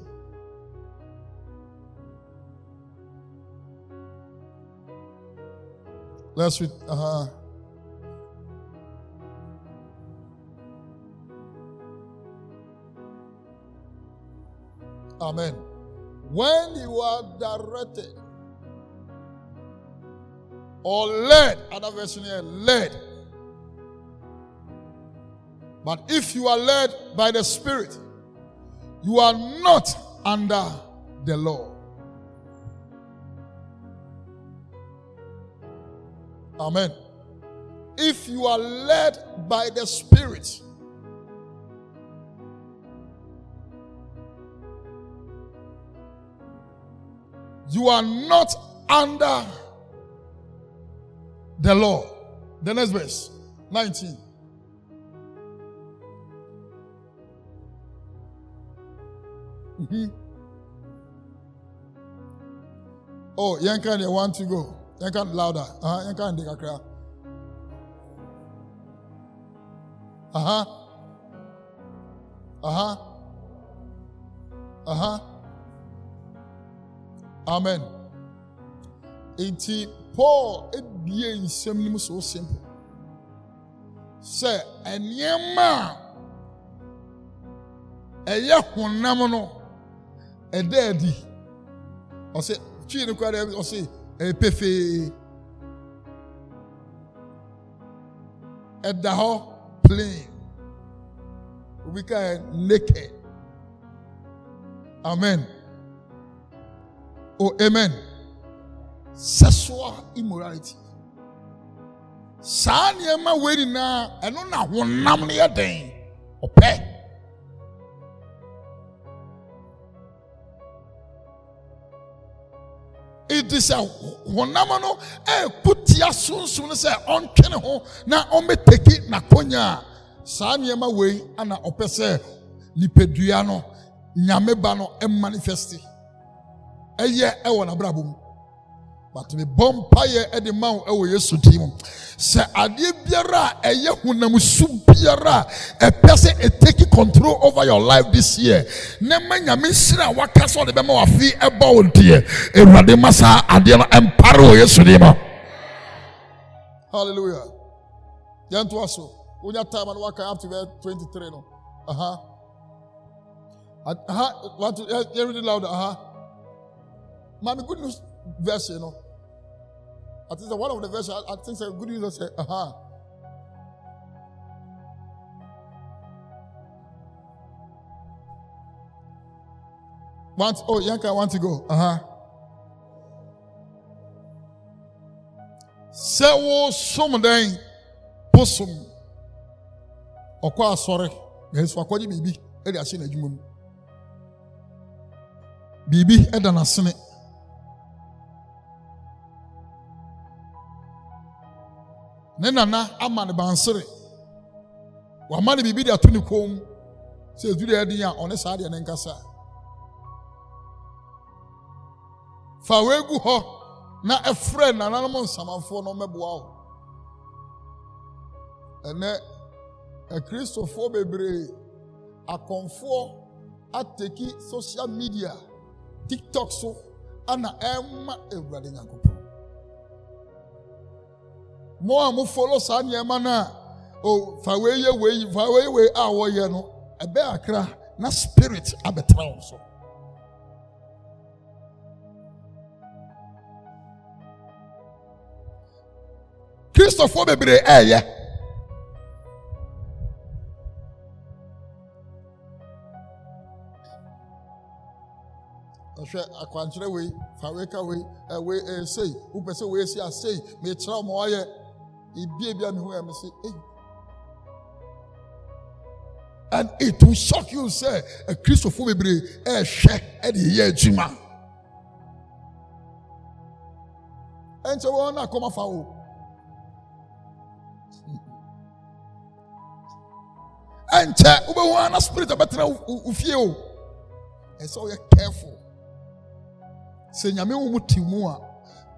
let's read uh amen when you are directed or led. Other version here, led. But if you are led by the Spirit, you are not under the law. Amen. If you are led by the Spirit, you are not under the law. The next verse, 19. Mm-hmm. Oh, Yankan, they want to go. Yankan louder. Uh-huh. Yankan, they can Uh-huh. Uh-huh. Uh-huh. Amen. 80 paul ebie nsɛm so simple sɛ nneɛma a ɛyɛ honam no ɛda adi ɔsɛ twii no koraa ɔsɛ ɛyɛ ɛda hɔ plain obi ka yɛ naked amen o oh, amen. sexual immorality saa nneɛma wei nyinaa ɛno na honam no yɛ den ɔpɛ ɛdi sɛ honam no ɛɛkutia sunsun no sɛ ɔntwene ho na ɔmmɛteki n'akonya a saa nneɛma wei ana ɔpɛ sɛ nipadua no nyameba no manifesti ɛyɛ ɛwɔ n'abrabɔ mu but me bɔ mpaeɛ ɛde ma wo ɛwɔ yesu din mu sɛ adeɛ biara a ɛyɛ su biara a ɛpɛ sɛ take control over your life this year na ma nyame nhyira a wa fi ɔde bɛma wafe ɛbɔ wo deɛ awurade ma saa adeɛ no ɛmpare wɔ yesu din mu hallelujah yɛntoa so wonya time no waka up to bɛ 23 no aha aha want to hear it loud aha maame good news verse you know I think one of the verses, I think a good user said, aha. Want, oh, Yanka, want to go. Uh-huh. sɛ wo som dɛn bosom ɔkɔ asɔre nanso akɔgye biribi de ahyɛ n'adwuma mu biribi da n'asene ne nana ama ne bansere wama ne biribi de ato ne kɔn mu sɛ edu deɛ ɛdi a ɔne saa deɛ ne nkasa fa woegu hɔ na ɛfrɛ nananom nsamanfoɔ na ɔmɛboa wo ɛnɛ akristofoɔ bebree akɔnfoɔ ateki social media tiktok so ana ɛma awurade nyankopɔn mo a mofolo saa nneɛma no a o fa wei yɛ wei fa wei wei a wɔyɛ no ɛbɛ akra na spirit abɛtena wɔn so. kristofoɔ bebree ɛɛyɛ ɛhwɛ akwankyerɛ wei fa wei ka eh, wei ɛwei eh, ɛɛsei wopɛ sɛ wei esi asei mekyerɛ wɔn ɔyɛ. ebiebia me ho ɛmi sɛ eyi and it will shock you Say, a sɛ akristofo bebree ɛɛhwɛ eh, ɛde eh, yɛ adwuma ɛnkyɛ wɔn na akɔma fa o ɛnkyɛ wobɛhu ana spirit abɛtena eh, wo fie o ɛsɛ woyɛ careful sɛ nyame wo mu te mu a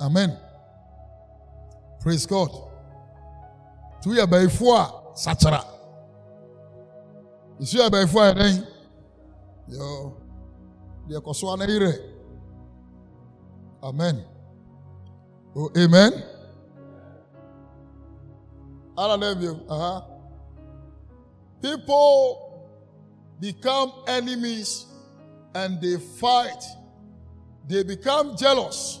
Amen. Praise God. Tu yɛ bɛyifo a sakyera. Esu yɛ bɛyifo a yɛ dɛn. Yɔ deɛ kɔ so ana yirɛ. Amen. O oh, amen. Ara na People become enemies and they fight. They become jealous.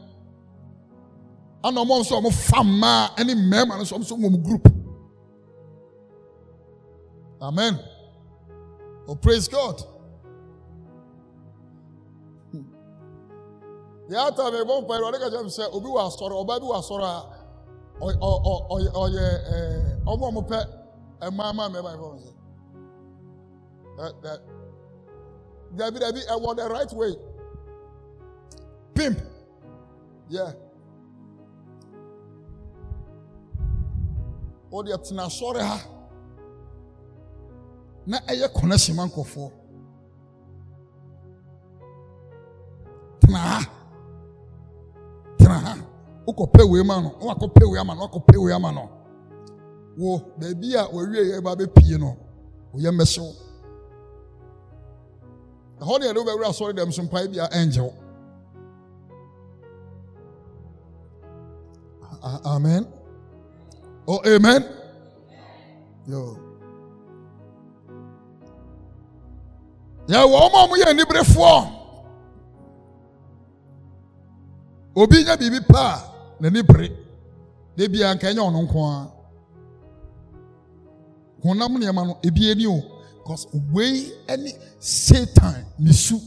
ana I'm ɔmo fa mmaa ɛne mmarima no nso ɔmo nso wɔn group amen oh praise god the other time ɛbɔ mpa ɛwɔ adeka kyerɛ mi sɛ obi wɔ asɔrɔ ɔbaa bi wɔ asɔrɔ a ɔyɛ ɛɛ ɔmo ɔmo pɛ mmaa mmaa mmarima ɛfɔ wɔn sɛ that that dabi dabi the right way pimp yeah. wɔde atena asọrị ha na ɛyɛ kɔnɛ sima nkɔfoɔ tena ha tena ha wokɔpɛ wei ma no na wakɔpɛ wei ama no wakɔpɛ wei ama no wo baabi a wɔawie yɛ ba bɛpie no wɔyɛ mmɛhyew ɛhɔ ne asɔre dɛm so mpae amen Oh, amen. Yo. yɛwɔ ɔmo a ɔmo yɛ aniberefoɔ obi nya bibi pa a n'ani bere de bia nka ɛnyɛ ɔno nko ara honam nneɛma no ebi ani o cause wei ɛne satan ne su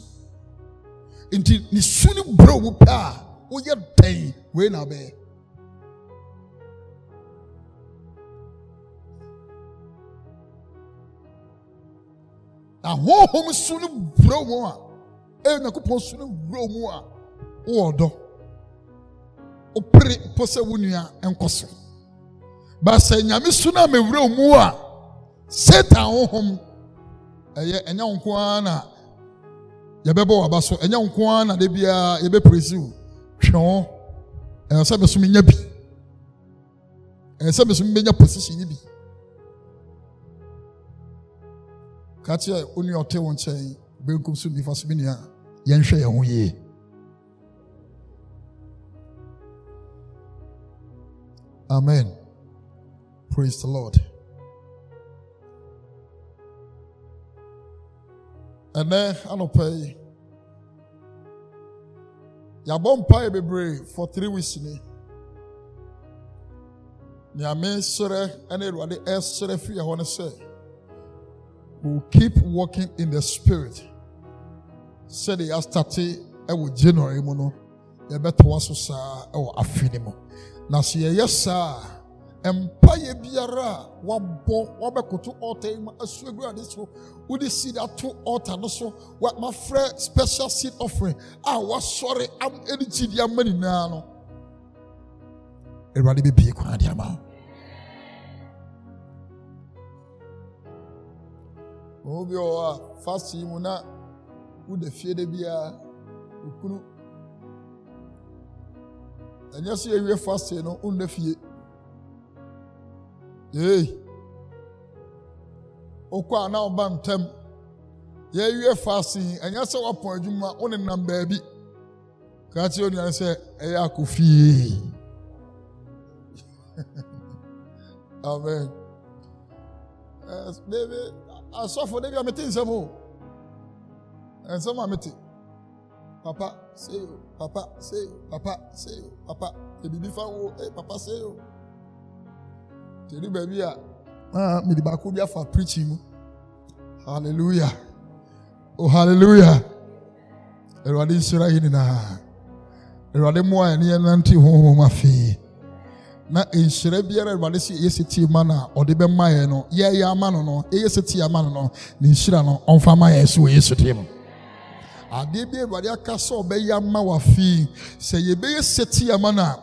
nti ne su ne bere wo pɛ a woyɛ wei na abɛɛ. na honhom so no wura mu a ɛyɛ onyankopɔn so no wura mu a wowɔ dɔ wopere mpo sɛ wo nua nkɔ so ba sɛ nyame so no a mɛwura mu a satan honhom ɛyɛ ɛnyɛ wo nko ara na yɛbɛbɔ waba so ɛnyɛ wo nko ara na da biara yɛbɛpirɛsi wo twɛ wo ɛyɛ sɛ mɛso menya bi ɛyɛ sɛ mɛso menya position bi ka kyerɛ wo ne ɔte wo nkyɛn benkum so nifa so menua yɛnhwɛ yɛn ho yie amen praise the lord ɛnɛ anɔpa yi yɛabɔ mpaeɛ bebree for three weeks ni nea mesrɛ ne awurade ɛsrɛ firi hɔ no sɛ who keep walking in the spirit. Say yɛastate ɛwɔ January mu no, yɛbɛtoa so saa ɛwɔ afe no mu. Na sɛ yɛyɛ saa a, mpaeɛ biara a wabɔ wabɛkoto altar yi mu asu agu ade so, wode seed ato altar special seed offering a ah, wasɔre am energy di ama na ano. Everybody be kwan de ama wo. wɔn bi wɔ hɔ a fast yi mu na woda fie da biara okunu ɛnyɛ sɛ yɛwie fast no wonna fie ee wokɔ a na woba ntɛm yɛwie fast yi ɛnyɛ sɛ woapɔn adwuma wo nenam baabi kaa kyerɛ onuane sɛ ɛyɛ akɔ fie amen yes, baby. asɔfo de bi a mete nsɛm o nsɛm a mete papa sei papa sei papa sei o papa ebibi fa wo ee papa sei o tẹ̀lé baabi a maa mìdí baako bi afa preaching mu hallelujah oh hallelujah awurade nhyira yi nyinaa awurade mmoa yɛn ne yɛn nante honhom afei. na nhyerɛ biara awurade sɛ ɛyɛ sɛ tie ma no a ɔde bɛma yɛ no yɛyɛ ama no no ɛyɛ sɛ tie ama no no ne nhyira no ɔmfa ma yɛ sɛ wɔ yesu tie mu adeɛ bi awurade aka sɛ ɔbɛyɛ ama wafii sɛ yɛbɛyɛ sɛ tie ama no a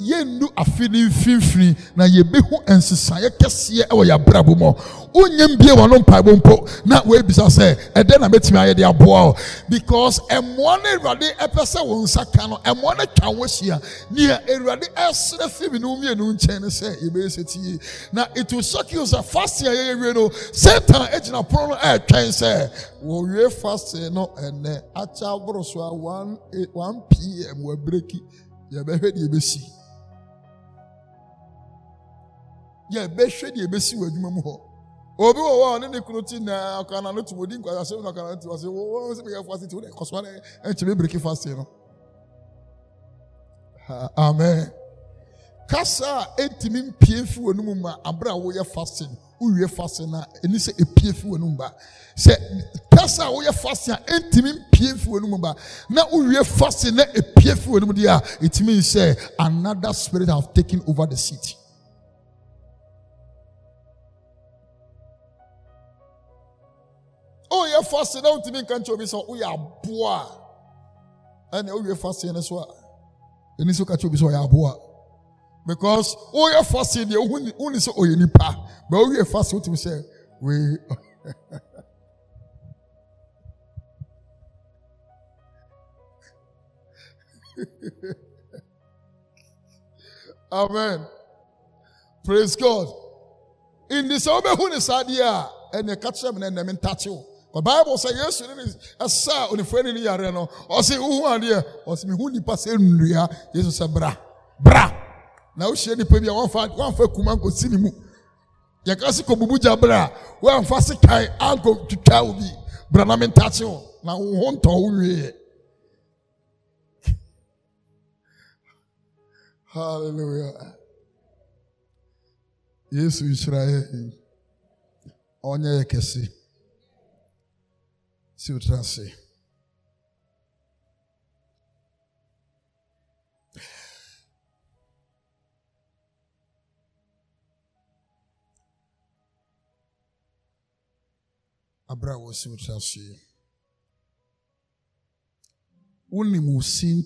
yɛnnu afi ne mfimfini na yɛbɛhu nsesaeɛ kɛseɛ wɔ yɛ abrabɔ mu wonyɛ mbie wɔn no mpaebɔ mpo na wɔabisa sɛ ɛdɛn na mɛtumi ayɛ de aboa o because mmoa no awurade ɛpɛ sɛ wɔn nsa ka no mmoa no atwa wɔn ahyia nea awurade ɛsrɛ fimi no mmienu nkyɛn no sɛ yɛbɛyɛ sɛ tie na it will shock you sɛ fasting a yɛyɛ wie no satan gyina pono e e no ɛretwɛn sɛ wɔwie fasting no ɛnɛ akyɛ aboro so a 1 pm wɔ abiriki yɛbɛhwɛ deɛ ɛbɛsi yɛ ɛbɛhwɛ deɛ ɛbɛsi wɔ adwuma mu hɔ obi wɔ hɔ a ɔne ne kunu ti na ɔkana no tu odi nkwa asɛm na ɔkana no tu ɔsɛ wɔn sɛ bɛyɛ fasi ti wɔn ɛkɔsɔ ne ɛkyɛ bɛbreki fasi no amen kasa a ɛntumi mpie fi wɔn mu ma abere a wɔyɛ fasi wowie fasi na ɛni sɛ epie fi wɔn mu ba sɛ kasa a wɔyɛ fasi a ɛntumi mpie fi wɔn mu ba na wowie fasi na epie fi wɔn mu deɛ a ɛtumi sɛ another spirit have taken over the city. woyɛ oh, fase na wontumi nka nkyɛ obi you're aboa a ɛne you fase no so oh, a ɛni so ka kyɛ Oh, you're aboa because woyɛ fase deɛ woni sɛ ɔyɛ nipa ba wowie fase wotumi say? We. amen praise god in this, sɛ we ne sadia deɛ a ɛne ka kyerɛ me no ɛnɛme bible sɛ yesu ne ɛsa onifo ne ne yare no ɔsi huhu adeɛ ɔsi mihu nipa sɛ nnua Jesus sɛ bra bra na wohyia nipa bi a wɔnfa wɔnfa kuma nkosi ne mu yɛka Yakasi kɔ bubu gya bra wɔnfa si kan anko twitwa obi bra na mi ntaakye wo na wɔn ntɔn wo hallelujah yesu nhyira yɛ ɔnyɛ yɛ kɛse. See what abra wo si wotra so yi wonim wo si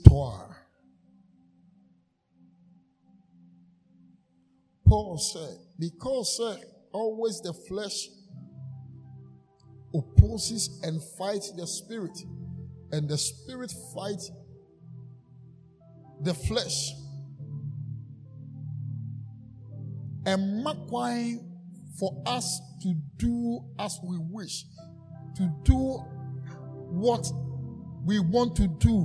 paul said because uh, always the flesh opposes and fights the spirit, and the spirit fights the flesh. And Makwan for us to do as we wish, to do what we want to do,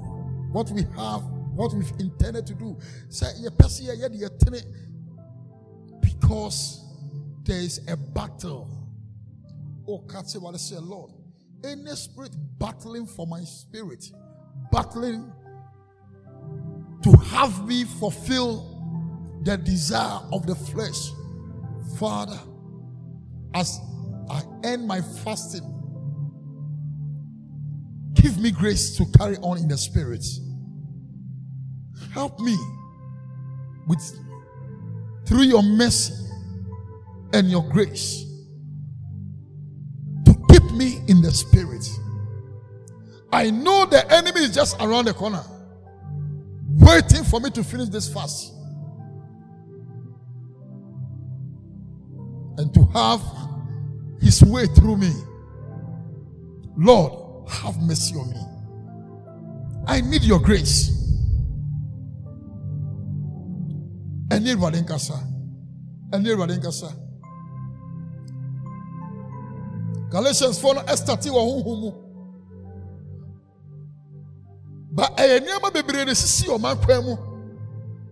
what we have, what we've intended to do. Because there is a battle. Oh, Katsiwale say, Lord, any spirit battling for my spirit, battling to have me fulfill the desire of the flesh. Father, as I end my fasting, give me grace to carry on in the spirit. Help me with through your mercy and your grace the spirit. I know the enemy is just around the corner, waiting for me to finish this fast. And to have his way through me. Lord, have mercy on me. I need your grace. need Radinkasa. Any Radinkasa. galatiansfoɔ no ɛstate wɔ honhom mu ba ɛyɛ nneɛma bebree na sisi ɔman kwan mu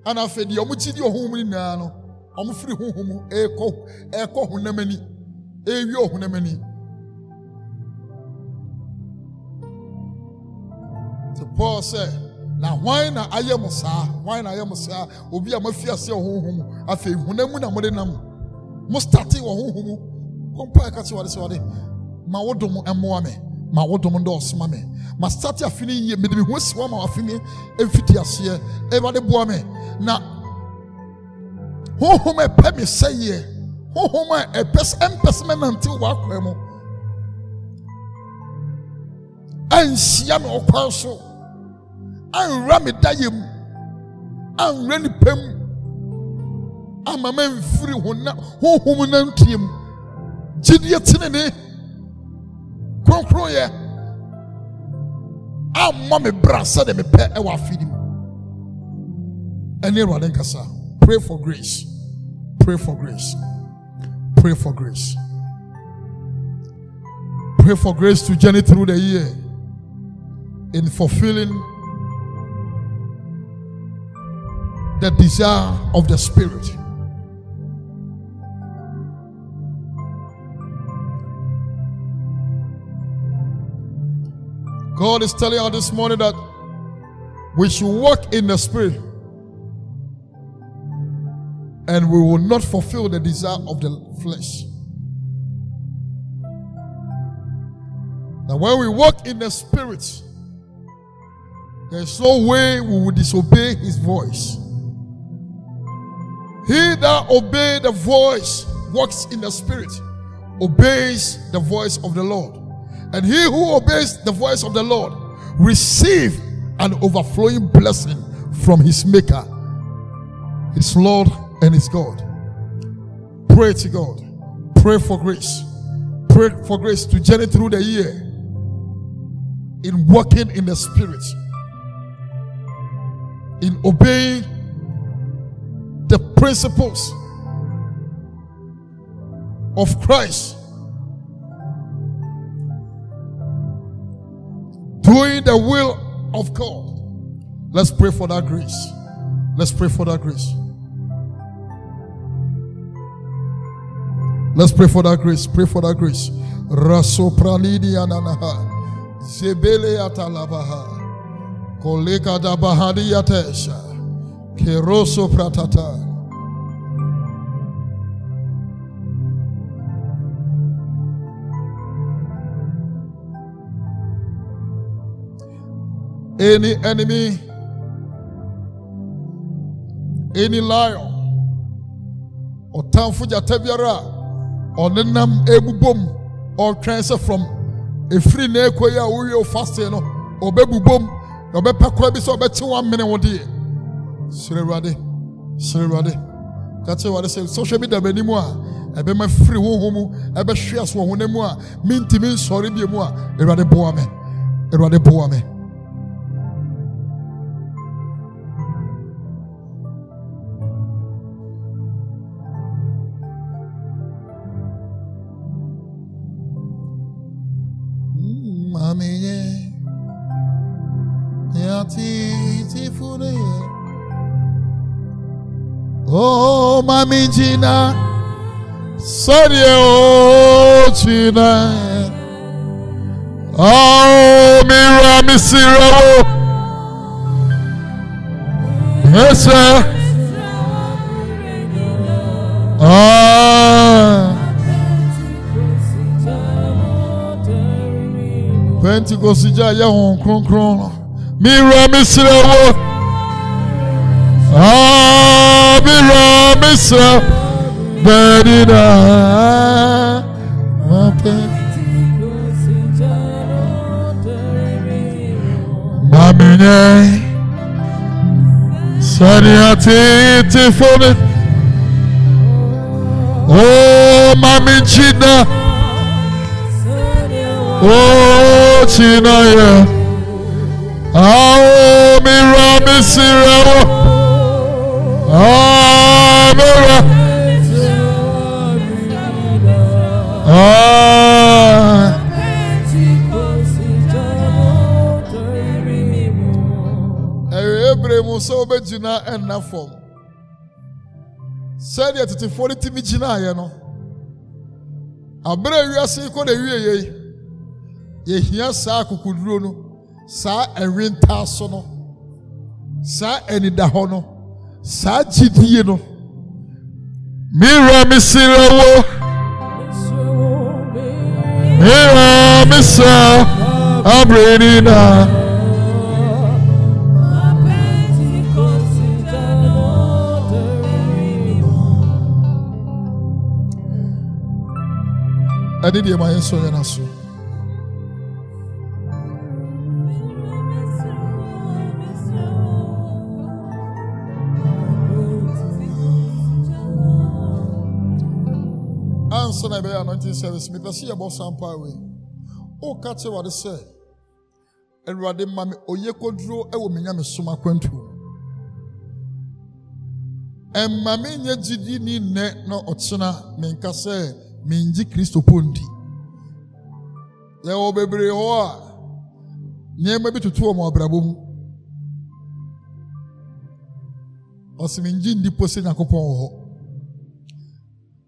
ɛna afei deɛ ɔmo gyidi ɔhonhom mu nyinaa no ɔmo firi honhom mu ɛɛkɔ ɛɛkɔ honam ani ɛɛwie ɔhonam ani te paul sɛ na hwan na ayɛ mo saa hwan na ayɛ mo saa obi a mafi ase ɔhonhom mu afei honam mu na mo de nam mo starte wɔ honhom mu kɔ mpa ɛka sɛ wade sɛ wade ma wodom ɛmmoa me ma wodom dɔɔso ma me ma sate afe no yie mede mehu asi ma wafe me ɛmfiti aseɛ ɛwade boa me na honhom a ɛpɛ me sɛ yeɛ honhom a ɛpɛ sɛ ɛmpɛ sɛ mɛnantew waakɔɛ mu anhyia me ɔkwan so anwura me da yɛ mu anwura nipa mu ama mamfiri honhom no ntua mu gyidie tenene kronkronyɛ ammɔ me bra sɛde mepɛ ɛwɔ afe no mu ɛne awurade nkasa pray for grace pray for grace pray for grace pray for grace to journey through the year in fulfilling the desire of the spirit God is telling us this morning that we should walk in the Spirit and we will not fulfill the desire of the flesh. Now, when we walk in the Spirit, there's no way we will disobey His voice. He that obeys the voice walks in the Spirit, obeys the voice of the Lord. And he who obeys the voice of the Lord receive an overflowing blessing from his maker, his Lord and his God. Pray to God. Pray for grace. Pray for grace to journey through the year in walking in the spirit, in obeying the principles of Christ doing the will of God. Let's pray for that grace. Let's pray for that grace. Let's pray for that grace. Pray for that grace. Rasopralidi ananaha. Zebele atalabaha. Kolega dabahadi yatesha. Keroso pratata. Any enemy, any lion, or gyata biara a ɔne nam ebubom or transfer from a free ekɔ yi a wowie ofaseɛ no ɔbɛbubom na ɔbɛpɛ kora bi sɛ ɔbɛkye wɔn amene wɔn deɛ sere awurade sere awurade kakyɛ awurade sɛ sɔhwɛ bi da m'anim a ɛbɛma firi honhom mu ɛbɛhwe aso wɔn honam mu a mintimi nsɔre bie mu a awurade boa me awurade boa me. o mami jina sọrịa o jina ọ mmiri amịsịrị o ese pentikọsi gya yɛ ho mi mmiri amịsịrị o ọ mmiri mesa badina mape maminye sani ati ti fone o oh, chida o oh, china ye awo mi ra olówó. ɛyɛ ah. ebere mu sɛ wobɛgyina ɛnna fam sɛdeɛ tetefoɔ no tumi gyinaeɛ no abere a wiase kɔ na ewie yɛ yɛhia saa akokoduro no saa ɛwe ntaa so no saa ɛnida hɔ no saa gyidie no. mi ràn mí sí lọ́wọ́ mi ràn mí sọ abúlé náà. ɛne deɛ so na ɛbɛyɛ anointing service mepɛ sɛ yɛbɔ sampa awei woka kyerɛ wade sɛ awurade ma me oye koduro wɔ menyame som akwantuo ɛma menyɛ no nnɛ na ɔkyena menka sɛ mengye kristo po ndi yɛwɔ bebree hɔ a nneɛma bi tutu wɔn abrabɔ mu ɔsɛ mengye ndi po sɛ nyankopɔn wɔ hɔ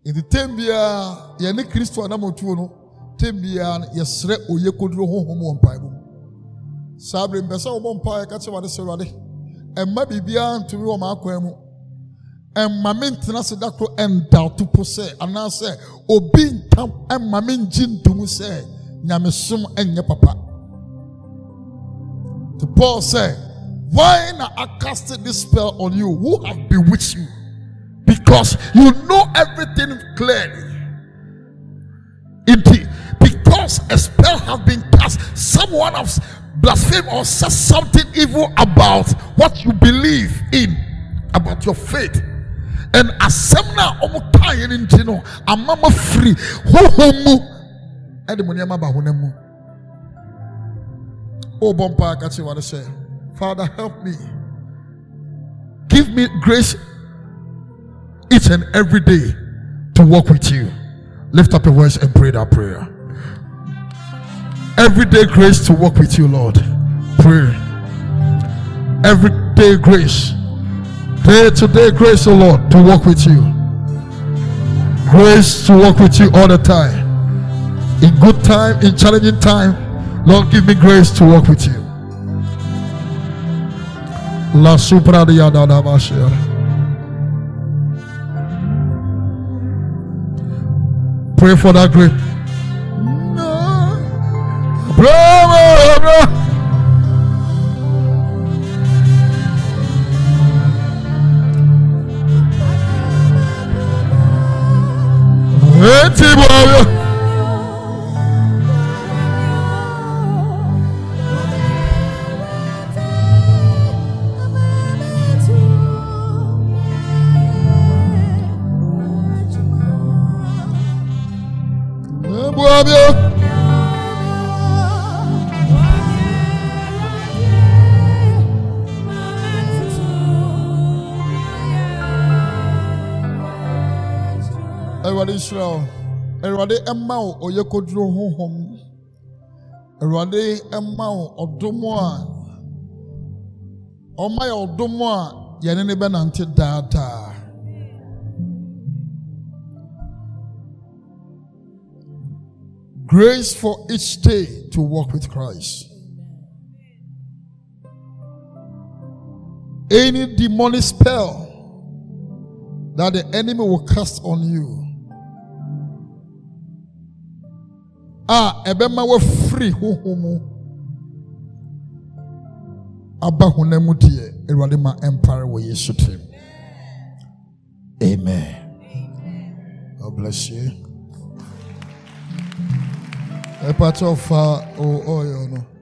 nti tem biara yɛne kristo a nam otuo no tem biara yɛsrɛ oye koduro honhom wɔ mpae mu saa abiri mpɛ sɛ wɔbɔ mpae ka kyerɛ wade sɛ wade ɛma biribiara ntumi wɔ mu ɛma me ntena se da ɛnda to po sɛ anaasɛ obi ntam ɛma me ngye ntomu sɛ nyamesom ɛnyɛ papa to paul sɛ why na i cast this spell on you who have bewitched you because you know everything clearly. Indeed, because a spell has been cast, someone has blasphemed or said something evil about what you believe in, about your faith. And asɛm no a ɔmo kaa yɛ no nti no ama ma firi honhom mu ɛde mo nneɛma ba honam mu wobɔ oh, mpaa ka kyerɛ what I say. father help me give me grace each and every day to walk with you. Lift up your voice and pray that prayer. Every day grace to walk with you, Lord. Pray. Every day grace. Day to day grace, O oh Lord, to walk with you. Grace to walk with you all the time. In good time, in challenging time, Lord, give me grace to walk with you. La supra di pray for that grace. Bravo, bravo. Eti bọ̀ ọ́. awurade ɛma wo ɔyɛ koduro honhom awurade ɛma wo ɔdom a ɔma yɛ ɔdom a yɛne ne bɛnante daadaa grace for each day to walk with Christ. Any demonic spell that the enemy will cast on you a ɛbɛma wafiri honhom mu aba honam mu deɛ ma ɛmpare yesu amen god bless you o